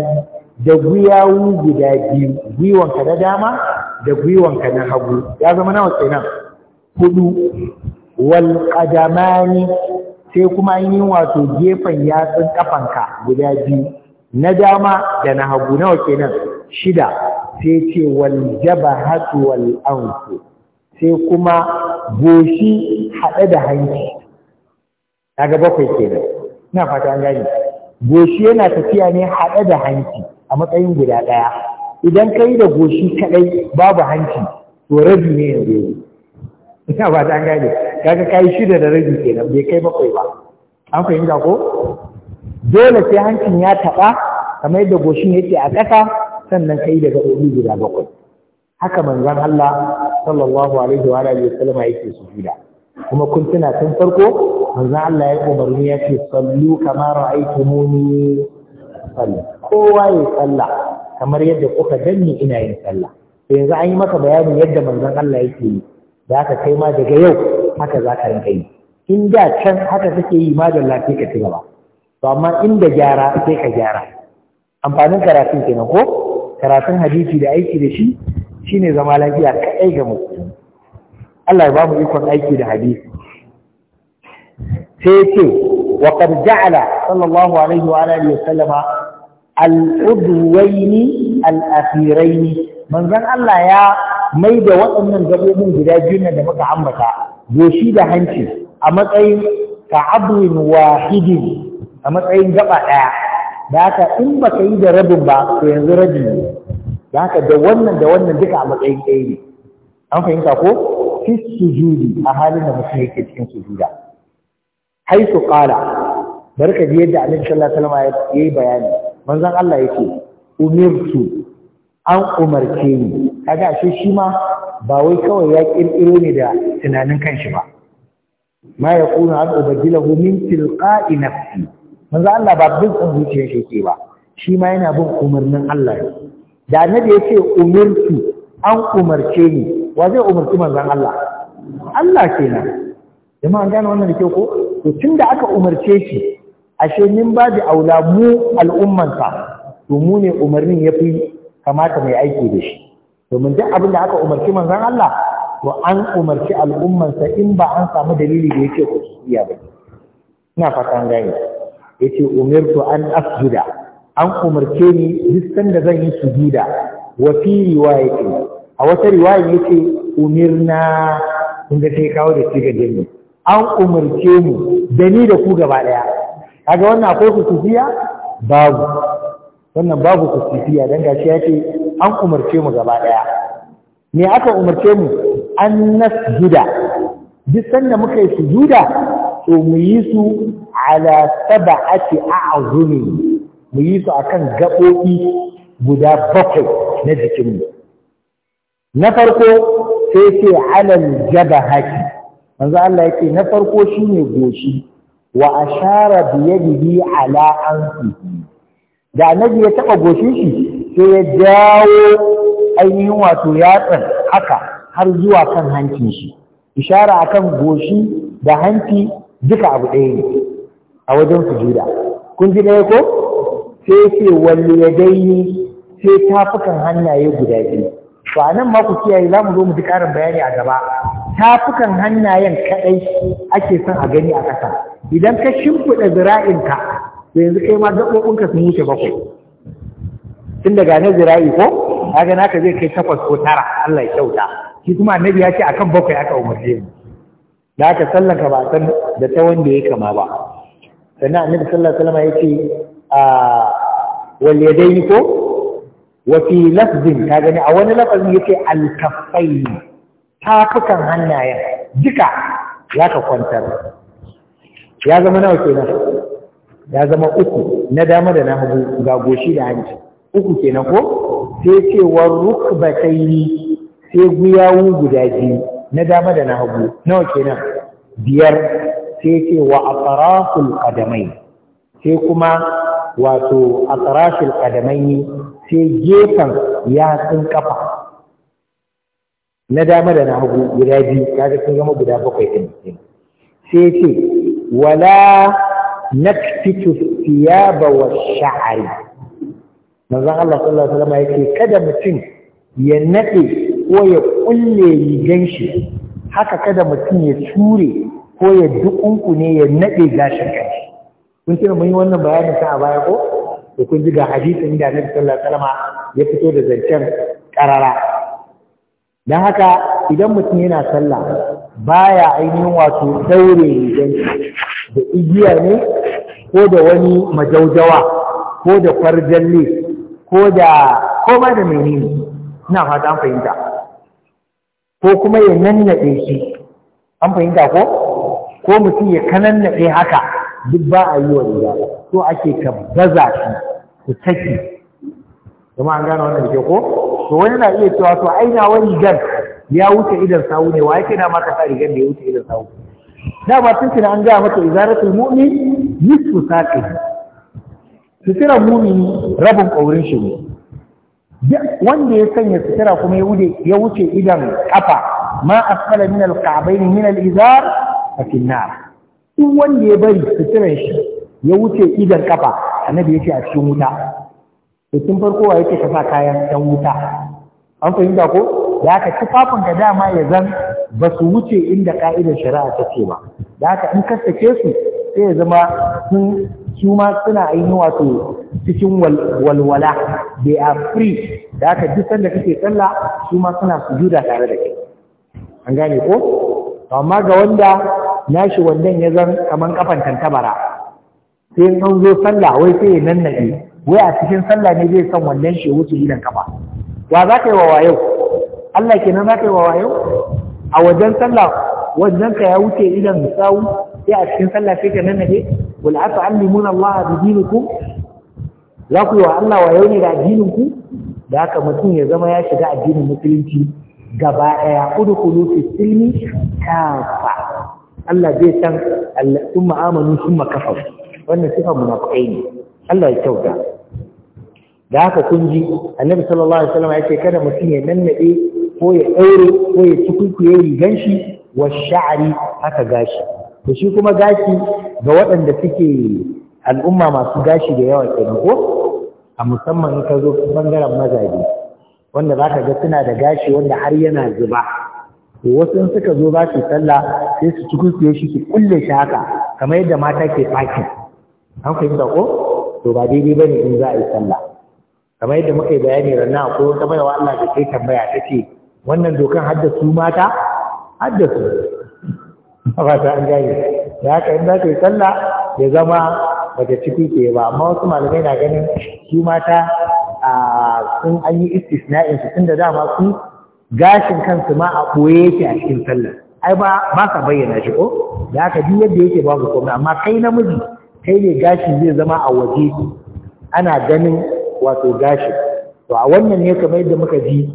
da guyawu guda biyu gwiwanka da dama da gwiwanka na hagu ya zama nawa kenan hudu wal qadamani sai kuma ainihin wato gefen yatsun kafanka guda biyu na dama da na hagu nawa kenan shida sai ce wal jabahatu wal anfu sai kuma goshi haɗe da hanci daga bakwai kenan ina fata an gani goshi yana tafiya ne haɗe da hanci a matsayin guda ɗaya idan kai da goshi kadai babu hanci to rabi ne yanzu ita ba ta gane kaga kai shida da rabi kenan bai kai bakwai ba an fahimta ko dole sai hancin ya taɓa. kamar yadda goshin yake a ƙasa sannan kai daga gaɓoɓi guda bakwai haka manzon Allah sallallahu alaihi wa alihi wasallam yake sujuda kuma kun tuna tun farko manzon Allah ya umarni ya ce sallu kamar ra'aytumuni sallu kowa ya sallah kamar yadda kuka danni ina yin sallah to yanzu an yi maka bayanin yadda manzon Allah yake yi da aka kai ma daga yau haka za ka rinka yi in da can haka kake yi ma da lafiya ka ci gaba to amma inda gyara sai ka gyara amfanin karatun kenan ko karatun hadisi da aiki da shi shine zama lafiya kai ga mutum, Allah ya ba mu ikon aiki da hadisi sai ce wakar qad ja'ala sallallahu alaihi wa alihi wa al'udwaini al'afiraini manzon Allah ya mai da waɗannan gabobin guda biyu da muka ambata goshi da hanci a matsayin ka'abin wahidin a matsayin gaba ɗaya da haka in ka yi da rabin ba to yanzu rabi ne da haka da wannan da wannan duka a matsayin ɗaya ne an fahimta ko fi sujudi a halin da mutum yake cikin sujuda haisu qala barka ji yadda annabi sallallahu alaihi wasallam yayi bayani manzan Allah yake umirtu an umarce ni kaga shi shi ma ba wai kawai ya kirkiro ne da tunanin kanshi ba ma kuna an ubaddilahu min tilqa'i nafsi manzan Allah ba bin san zuciyar shi ke ba shi ma yana bin umarnin Allah ne da ce umirtu an umarce ni wa zai umarci manzan Allah Allah kenan jama'an gane wannan da ke ko to tunda aka umarce shi ashe min da aula mu al'ummansa to mu ne umarnin ya fi kamata mai aiki da shi domin duk abin da aka umarci manzon Allah to an umarci al'ummansa in ba an samu dalili da yake ku iya ba ina fatan gani yace umirtu an asjuda an umarce ni duk da zan yi sujuda wa fi riwayati a wata riwaya yace umirna inda ga sai kawo da shi ga jami'i an umarce mu da ni da ku gaba daya kaga wannan akwai kusufiya babu wannan babu kusufiya dan gashi ya ce an umarce mu gaba ɗaya. me aka umarce mu an nasjuda duk sanda muka yi sujuda to mu yi su ala sab'ati a'zumi mu yi su akan gaɓoɓi guda bakwai na jikinmu na farko sai ce alal jabahati manzo Allah yake na farko shine goshi wa ashara biye ala anfi da nabi ya taba goshin shi sai ya jawo ainihin wato yatsar haka har zuwa kan hancin shi ishara akan goshi da hanci duka abu ɗaya ne a wajen sujuda kun ji ɗaya ko sai ce wani ya daini sai tafukan hannaye guda biyu to a ma ku kiyaye za mu zo mu ji ƙarin bayani a gaba tafukan hannayen kaɗai ake son a gani a ƙasa idan ka shimfiɗa zira'inka to yanzu kai ma ka sun wuce bakwai tun daga na zira'i ko gana naka zai kai takwas ko tara Allah ya kyauta shi kuma annabi ya ce akan bakwai aka umarce mu da aka sallaka ba san da ta wanda ya kama ba sannan annabi sallallahu alaihi wasallam ya ce a wal yadaini ko wa fi lafzin ka gani a wani lafazin yace al kaffaini tafukan hannayen duka ya ka kwantar ya zama nawa kenan ya zama uku na dama da na hagu ga goshi da hanci uku kenan ko sai cewar rukbataini sai guyawu guda biyu na dama da na hagu nawa kenan biyar sai cewa a tsarafin qadamai sai kuma wato a tsarafin ne sai gefen yatsun kafa na dama da na hagu guda biyu ya sun zama guda bakwai din sai ce wala naktitu thiyaba wa sha'ri manzon Allah sallallahu alaihi wasallam yake kada mutum ya nade ko ya kulle rigan shi haka kada mutum ya ture ko ya dukunku ne ya nade gashin kai kun tuna mun yi wannan bayanin sa a baya ko da kun ji ga hadisin da Annabi sallallahu alaihi wasallam ya fito da zancen karara dan haka idan mutum yana sallah baya ainihin wato daure rigan da igiya ne ko da wani majaujawa ko da farjalle ko da koma da nini ina fata an fahimta ko kuma ya nannaɗe shi an fahimta ko ko mutum ya kanannaɗe haka duk ba a yi wa riga so ake ka baza shi ku take kuma an gane wannan da ke ko to wani na iya cewa to aina wani gan ya wuce idan sawu ne wa yake da maka sa rigar da ya wuce idan sawu ba tun an gaya mata izaratul mu'min nisfu saqi sitira mu'mini rabin kaurin shi ne wanda ya sanya sitira kuma ya wuce idan kafa ma asfala min al-ka'bayn min alizar fa nar duk wanda ya bari sitiran shi ya wuce idan kafa annabi yace a cikin wuta to tun farko wa yake ka sa kayan dan wuta an fahimta ko da haka tufafin ka dama ya zan ba su wuce inda ka'idar shari'a ta ce ba da haka in ka su sai ya zama sun su ma suna ainihin wato cikin walwala they are free da haka duk sanda kake tsalla su ma suna sujuda tare da kai an gane ko amma ga wanda nashi wannan ya zan kaman kafan tantabara sai in zo sallah wai sai ya nannade wai a cikin sallah ne zai san wannan shi wuce gidan kafa wa za ka yi wa wayo Allah kenan za ka yi wa wayo a wajen sallah wajen ka ya wuce idan misawu sai a cikin sallah sai ka nan nade wal ata'allimuna Allah bi dinikum za ku yi wa Allah wayo ne da addinin ku da haka mutum ya zama ya shiga addinin musulunci gaba ɗaya udkhulu fi silmi kafa Allah zai san thumma amanu thumma kafaru wannan sifa munafiqai ne Allah ya kyauta da haka kun ji annabi sallallahu alaihi wasallam ya ce kada mutum ya nannade ko ya ɗaure ko ya ci kuikuye rigan shi wa sha'ari haka gashi to shi kuma gashi ga waɗanda suke al'umma masu gashi da yawa ke ko a musamman in ka zo bangaren mazaje wanda za ka ga suna da gashi wanda har yana zuba to wasu in suka zo za su sallah sai su ci kuikuye shi su kulle shi haka kamar yadda mata ke faki an fahimta ko to ba daidai ne in za a yi sallah kamar yadda muka yi bayani ranar ko ta baiwa Allah da tambaya ta ce wannan dokan haddasu mata haddasu mata an da haka in ka yi sallah ya zama daga ciki ke ba amma wasu malamai na ganin su mata a sun an yi istisna'in su tunda dama su gashin kansu ma a koye yake a cikin sallah ai ba ba ka bayyana shi ko da haka duk yadda yake babu komai amma kai namiji kai ne gashi zai zama a waje ana ganin wato gashi. to a wannan ne kamar yadda muka ji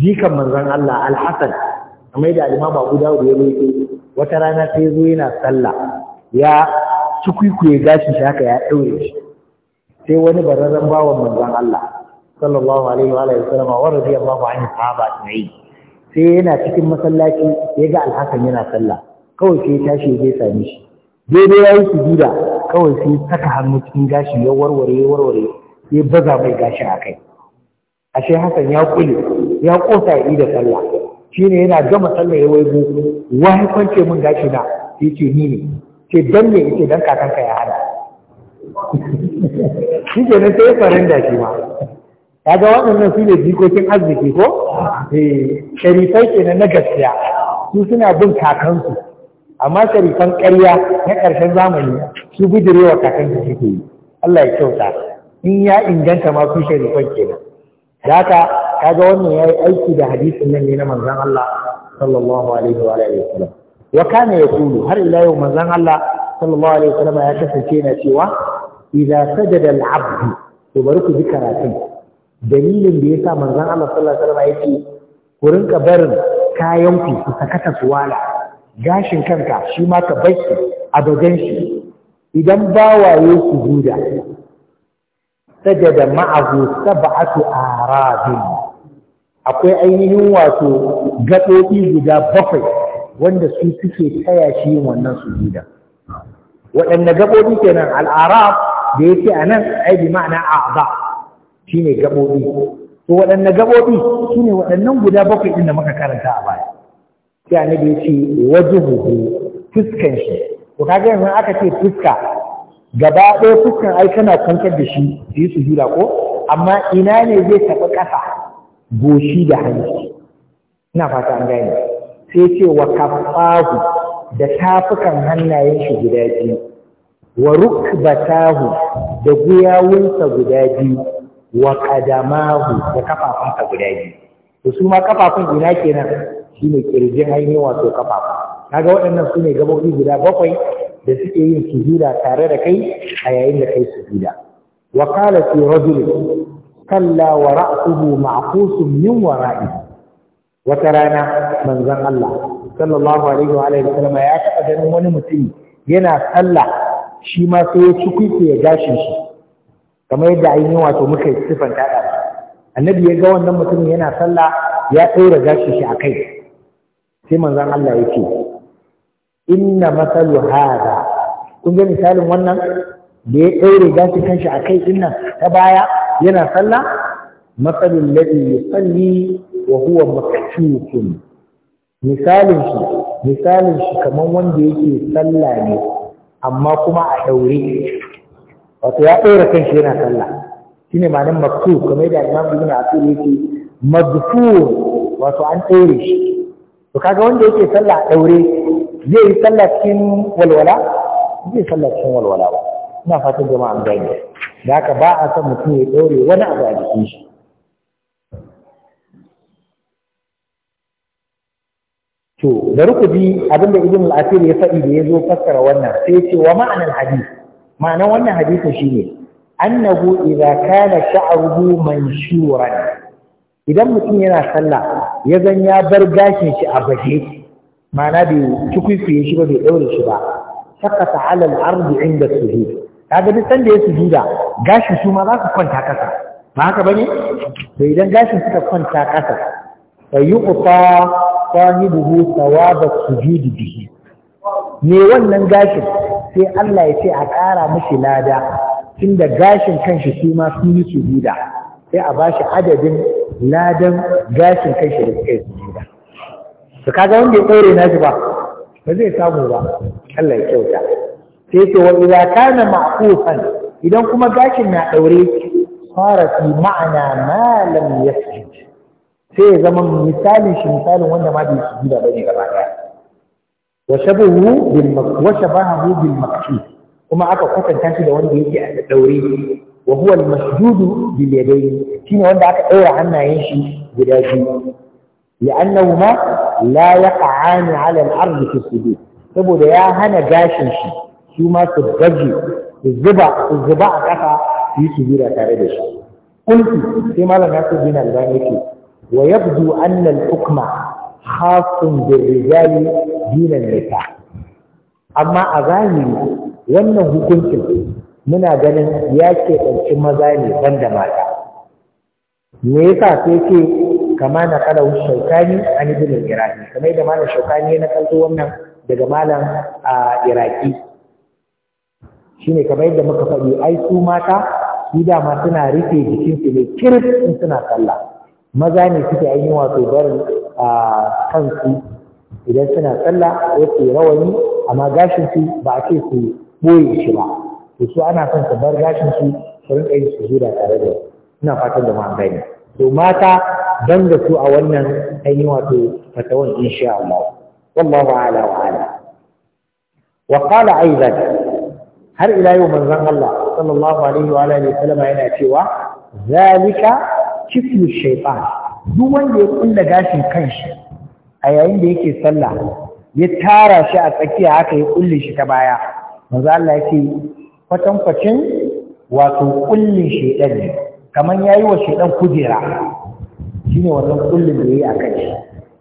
jikan manzon Allah al-Hasan kamar da Imam guda Dawud ya rawaito wata rana sai zo yana sallah ya ya gashi shi haka ya daure shi sai wani bararren bawan manzon Allah sallallahu alaihi wa alihi wasallam wa radiyallahu anhu sahaba tabi'i sai yana cikin masallaci ya ga al-Hasan yana sallah kawai sai tashi zai same shi daidai ya yi sujuda kawai sai saka hannu cikin gashi ya warware ya warware ya baza mai gashi a kai ashe Hassan ya kule ya kosa ya yi da sallah ne yana gama sallah ya waibu wani kwance mun gashi na yace ni ne ce dan ne dan kakanka ya hada shi ke nan sai farin da shi ma ya ga waɗannan su ne jikokin arziki ko eh sharifai kenan na gaskiya su suna bin kakansu amma sharifan karya na ƙarshen zamani su bidirewa kakansu suke yi Allah ya kyauta in ya inganta ma su sharifan kenan da haka kaga wannan yayi aiki da hadisin nan ne na manzon Allah sallallahu alaihi wa alihi wasallam wa kana yaqulu har ila yau manzon Allah sallallahu alaihi wasallam ya kasance na cewa idza sajada al-abd to bari ku ji karatun dalilin da yasa manzon Allah sallallahu alaihi wasallam yake ku rinka barin kayan ku ku sakata suwala gashin kanka shi ma ka bar shi a bajan shi idan bawaye su juda sajada ma'ahu sab'atu arabin akwai ainihin wato gaɗoɗi guda bakwai wanda su suke taya shi yin wannan gida. waɗanne gaɓoɗi kenan al'arab da yake a nan ai bi ma'ana shi shine gaɓoɗi to waɗanne gaɓoɗi shine waɗannan guda bakwai ɗin da muka karanta a baya sai annabi ya ce hudu fuskan shi to kaga yanzu aka ce fuska gaba ɗaya fuskan ai kana kwantar da shi su yi sujuda ko amma ina ne zai taɓa ƙasa goshi da hanci ina fata an gane sai ce wa kafahu da tafukan hannayen shi guda biyu wa rukbatahu da guyawunsa guda biyu wa qadamahu da kafafunsa guda biyu to ma kafafun ina kenan shine kirjin ainihin wato kafafu kaga waɗannan su ne gabobi guda bakwai da suke yin sujuda tare da kai a yayin da kai su wa qala fi rajulin kalla wa ra'suhu ma'qusun min wara'i wata rana manzon Allah sallallahu alaihi wa alihi ya taɓa ganin wani mutum yana sallah shi ma sai ya kuke ya gashin shi kamar yadda yi wato muka yi sifan tada annabi ya ga wannan mutum yana sallah ya ɗaura gashi shi a kai sai manzon Allah ya ce inna masalu hada kun ga misalin wannan da ya ɗaure gashi kanshi a kai dinnan ta baya yana sallah matsalin ladin ya salli wa huwa makashukun misalin shi misalin shi kaman wanda yake sallah ne amma kuma a daure wato ya daura kanshi yana sallah shine ma'anar maktu kamar da Imam Ibn Athir yake madfur wato an daure shi to kaga wanda yake sallah a daure zai yi sallah cikin walwala zai sallah cikin walwala ba ina fatan jama'a an gane da ba a son mutum ya ɗore wani abu a jikin shi to da rukudi bi abinda ibn al-asir ya faɗi da ya zo fassara wannan sai ya ce wa ma'anar hadith ma'anar wannan hadisin shine annahu idza kana sha'ruhu manshuran idan mutum yana sallah ya zan ya bar gashin shi a baje ma'ana bai tukuikuye shi ba bai daure shi ba sakata ala al-ardi inda sujud kaga duk sanda ya sujuda gashin su ma za su kwanta kasa ba haka bane to idan gashin suka kwanta kasa fa yuqta su thawaba sujudi bihi ne wannan gashin sai Allah ya ce a ƙara mishi lada tunda gashin kanshi su ma sun yi sujuda sai a bashi adadin ladan gashin kanshi da suka yi sujuda to kaga wanda ya ɗaure na shi ba ba zai samu ba Allah ya kyauta sai ce wa idza kana ma'qufan idan kuma gashin na daure fara fi ma'ana ma lam yasjud sai ya zama misalin shi misalin wanda ma bai sujuda gaba daya wa shabahu bil wa shabahu bil kuma aka kwatanta shi da wanda yake a daure wa huwa al masjud bil yadayn shine wanda aka daura hannayen shi guda biyu لأنهما لا يقعان على الأرض في السجود saboda ya hana gashin shi su ma su baje su zuba su zuba a kasa su yi sujuda tare da shi kulki sai malam nasir bin albani yake wa yabdu anna al-hukma khasun bir rijali dinan nisa amma a zahiri wannan hukuncin muna ganin ya ke ɗauki maza ne banda mata me yasa sai ce kama na kada shaukani an ibn iraki kamar da malam shaukani na kalto wannan daga malam a iraki shine kamar yadda muka faɗi ai su mata su ma suna rufe jikinsu ne kirif in suna sallah maza ne suke ainihin wato barin a kansu idan suna sallah yake rawani amma su ba a ce su boye shi ba to su ana son su bar gashin su rinka yin sujuda tare da ina fatan da ma'an gani to mata dan da su a wannan ainihin wato fatawan insha Allah wallahu ala wa ala wa qala aidan har ila yau manzon Allah sallallahu alaihi wa alihi wasallam yana cewa zalika kiflu shaytan duk wanda ya kulla gashin kanshi a yayin da yake sallah ya tara shi a tsakiya haka ya kulle shi ta baya manzon Allah yake kwatankwacin wato kullin shedan ne kaman yayi wa shaytan kujera shine wannan kullin da yayi a kanshi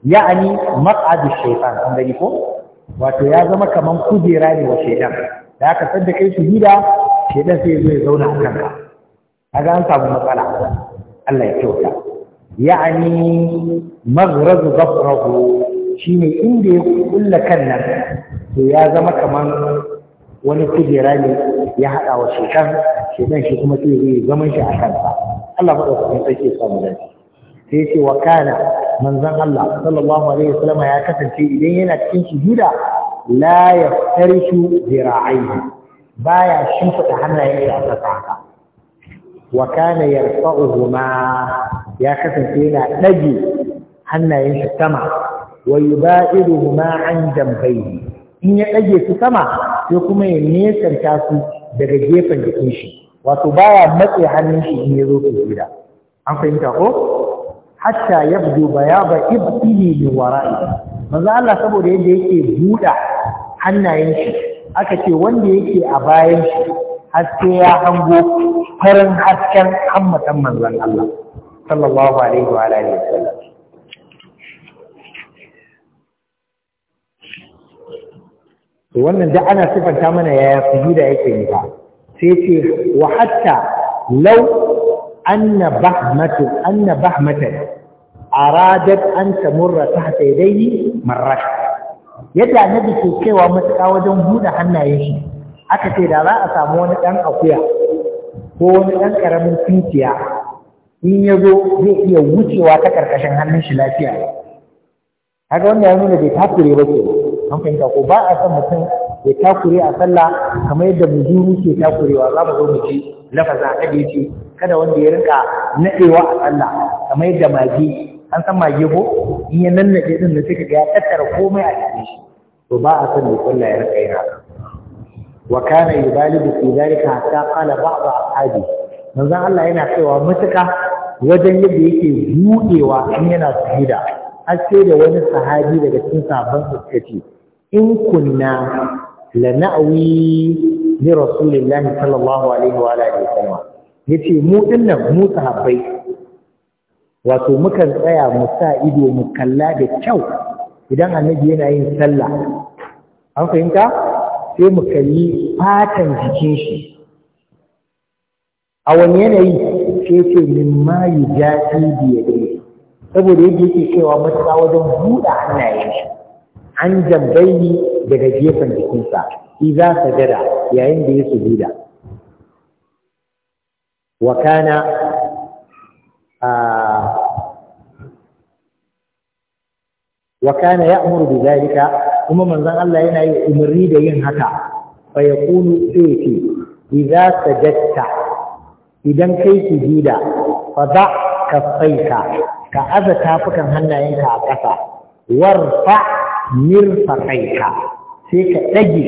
ya'ani maq'adu shaytan an gani ko wato ya zama kaman kujera ne wa shaytan da aka san da kai shahida shedan sai zai zauna a kanka kaga an samu matsala Allah ya kyauta ya'ani maghrazu ghafrahu shine inda ya kulla kan nan to ya zama kaman wani kujera ne ya haɗawa wa shekan shekan shi kuma sai zai zaman shi a kansa Allah maɗaukakin sarki ya samu dace sai ya ce wa kana manzon Allah sallallahu alaihi wasallam ya kasance idan yana cikin shuhuda la yaftarishu zira'aihi baya shimfida hannayen shi a saka haka wa kana yarfa'uhuma ya kasance yana dage hannayen shi sama wa yubaiduhuma an jambayhi in ya dage su sama sai kuma ya nesanta su daga gefen jikin shi wato baya matse hannun shi in ya zo gida an fahimta ko hatta yabdu bayaba ibtihi min wara'i manzo Allah saboda yadda yake buda hannayen shi aka ce wanda yake a bayan shi haske ya hango farin hasken hammatan manzon Allah sallallahu alaihi wa alihi wasallam to wannan da ana sifanta mana yaya sujuda yake yi ba sai ce wa hatta law anna bahmatu anna bahmatan aradat an tamurra tahta yadayhi marrat yadda annabi ke cewa matuƙa wajen buɗe hannayen shi aka ce da za a samu wani ɗan akuya ko wani ɗan ƙaramin titiya in ya zo zai iya wucewa ta ƙarƙashin hannun shi lafiya haka wanda ya nuna bai takure ba ke an fahimta ko ba a san mutum ya takure a sallah kamar yadda mujuru ke takurewa za mu zo mu ji lafaza kada ya ce kada wanda ya rinka naɗewa a sallah kamar yadda mage, an san mage ko in ya nannaɗe ɗin da suka ga ya tattara komai a cikin shi to ba a san sallah ya rika yi haka wa kana yubaligu fi dhalika hatta Allah yana cewa mutuka wajen yadda yake buɗewa in yana sujuda har sai da wani sahabi daga cikin sahabban suka in kunna lana'wi li rasulillahi sallallahu alaihi wa alihi wasallam yace mu dinnan mu sahabbai wato mukan tsaya mu sa ido mu kalla da kyau idan annabi yana yin sallah an fahimta sai mu kalli fatan jikin shi a wani yanayi sai ce min ma yi biye biya yi saboda yadda yake cewa matuƙa wajen buɗe hannayen shi an jambayi daga gefen jikinsa za iza gada yayin da ya sujuda wakana Wakana. a wa kana ya'muru bi zalika kuma manzon Allah yana yi umarni da yin haka fa yaqulu ce, idza sajadta idan kai ki sujuda fa da kaffaita ka aza tafukan hannayenka a ƙasa warfa mirfaqaika sai ka dage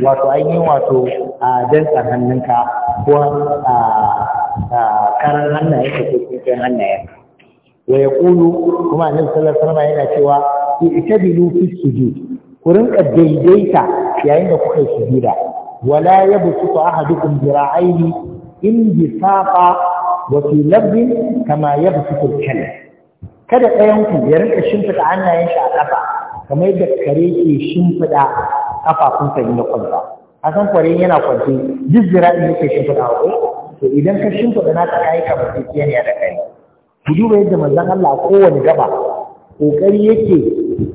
wato ainihin wato a dantsar hannunka ko a karan hannayenka ko kinkin hannayenka wa yaqulu kuma annabi sallallahu alaihi wasallam yana cewa i'tadilu fi sujud ku rinka daidaita yayin da kuka yi sujuda wala yabsutu ahadukum jira'aihi in bisaqa wa fi lafzin kama yabsutu ku kalam kada ɗayan ku ya rinka shimfida hannayen shi a ƙafa kamar yadda kare ke shimfida kafafunsa inda kwanta a san kware yana kwance duk zira'in yake shimfida wa eh? to idan ka shimfida naka kayi kamar ne da kai ku duba yadda manzon Allah kowane gaba ƙoƙari yake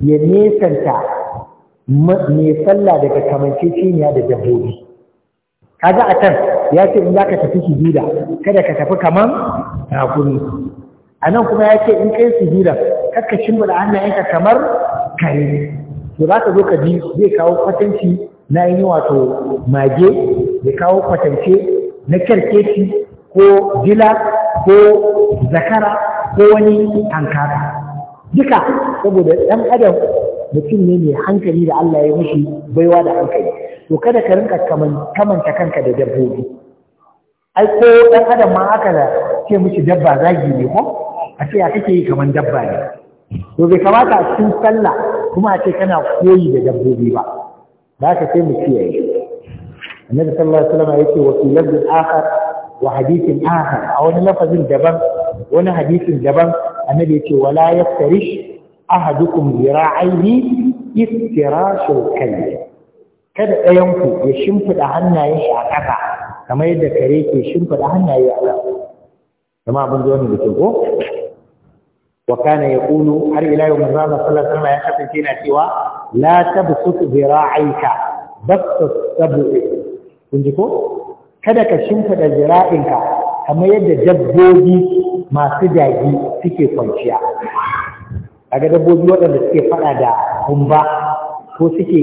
ya nesanta mai sallah daga kamanceceniya da dabbobi kaga a can ya ce in za ka tafi sujuda kada ka tafi kaman kakuri a nan kuma ya ce in kai sujuda kakka shimbiɗa hannayenka kamar kare to za ka zo ka ji zai kawo kwatanci na yi wato mage ya kawo kwatance na kyarkeci ko jila ko zakara ko wani tankara duka saboda ɗan adam mutum ne mai hankali da Allah ya mushi baiwa da hankali to kada ka rinka kamanta kanka da dabbobi ai ko ɗan adam ma aka ce mushi dabba zagi ne ko a ce ya kake yi kamar dabba ne to bai kamata a cikin sallah kuma a ce kana koyi da dabbobi ba ba ka sai mu kiyaye annabi sallallahu alaihi wasallam yake wa fi lafzin akhar wa hadithin akhar a wani lafazin daban wani hadisin daban annabi yace wala yaftarish ahadukum zira'aihi iftirashul kalbi kada ɗayan ku ya shimfida hannayen shi a ƙasa kamar yadda kare ke shimfida hannaye a ƙasa kuma abin da da ke ko wa kana yaqulu har ila yawm rabbana sallallahu alaihi wasallam ya kasance yana cewa la tabsut zira'aika bastas tabu kun ji ko kada ka shimfida zira'inka kamar yadda dabbobi masu daji suke kwanciya A ga dabbobi waɗanda suke faɗa da kumba ko suke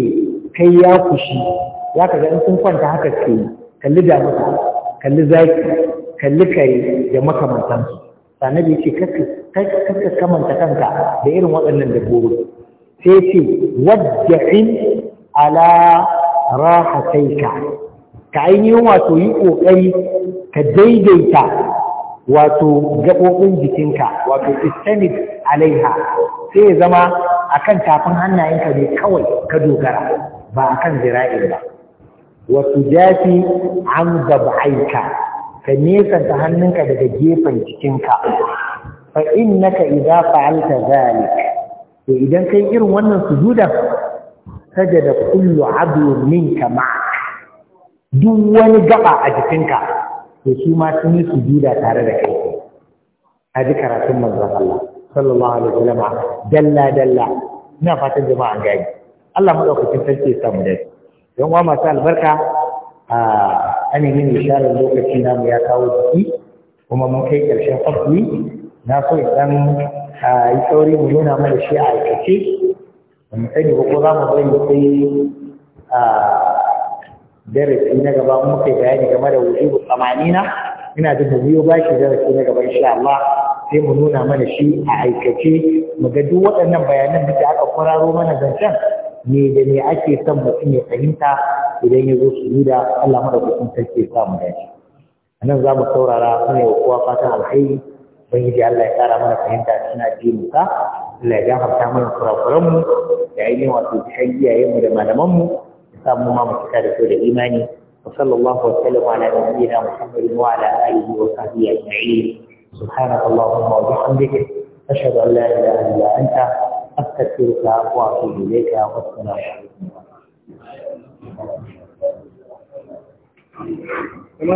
kai ya kushi za ka ga in sun kwanta haka suke yi kalli damuka kalli zaki kalli kare da makamantansu sanabi ce kakka kamanta kanka da irin waɗannan dabbobi sai ce wadda'in ala rahataika ka ainihin wato yi ƙoƙari ka daidaita wato gaɓoɓin jikinka wato istanik alaiha sai ya zama akan tafin hannayenka ne kawai ka dogara ba a kan zira'in ba wasu jafi an zaba'aika ka nesanta hannunka daga gefen jikinka fa innaka idza fa'alta zalik to idan kai irin wannan sujuda sajada kullu abdu minka ma duk wani gaba a jikinka Sai su ma sun yi sujuda tare da kai a ji karatun manzon Allah sallallahu alaihi wasallam dalla dalla ina fatan jama'a gani Allah dauki sarki ya samu dai don wa masu albarka a ainihin misalin lokaci na mu ya kawo jiki kuma mun kai ƙarshen fasli na so idan yi sauri mu nuna mana shi a aikace mu sani ba ko za mu bari sai darasi na gaba muka yi bayani game da wujubu tsamanina ina da mu biyo bashi darasi na gaba insha Allah sai mu nuna mana shi a aikace mu ga duk waɗannan bayanan da aka kwararo mana zancen me da me ake son mutum ya fahimta idan ya zo sujuda Allah madaukakin sarki ya samu dace a nan za mu saurara muna yi kowa fatan alheri ubangiji Allah ya kara mana fahimta cikin addinin ka? Allah ya gafarta mana kurakuranmu da ainihin wato cikin mu da malamanmu فمما مستقر سوى الإيمان وصلى الله وسلم على نبينا محمد وعلى آله وصحبه أجمعين سبحانك اللهم وبحمدك أشهد أن لا إله إلا أنت أستغفرك وأتوب إليك والسلام عليكم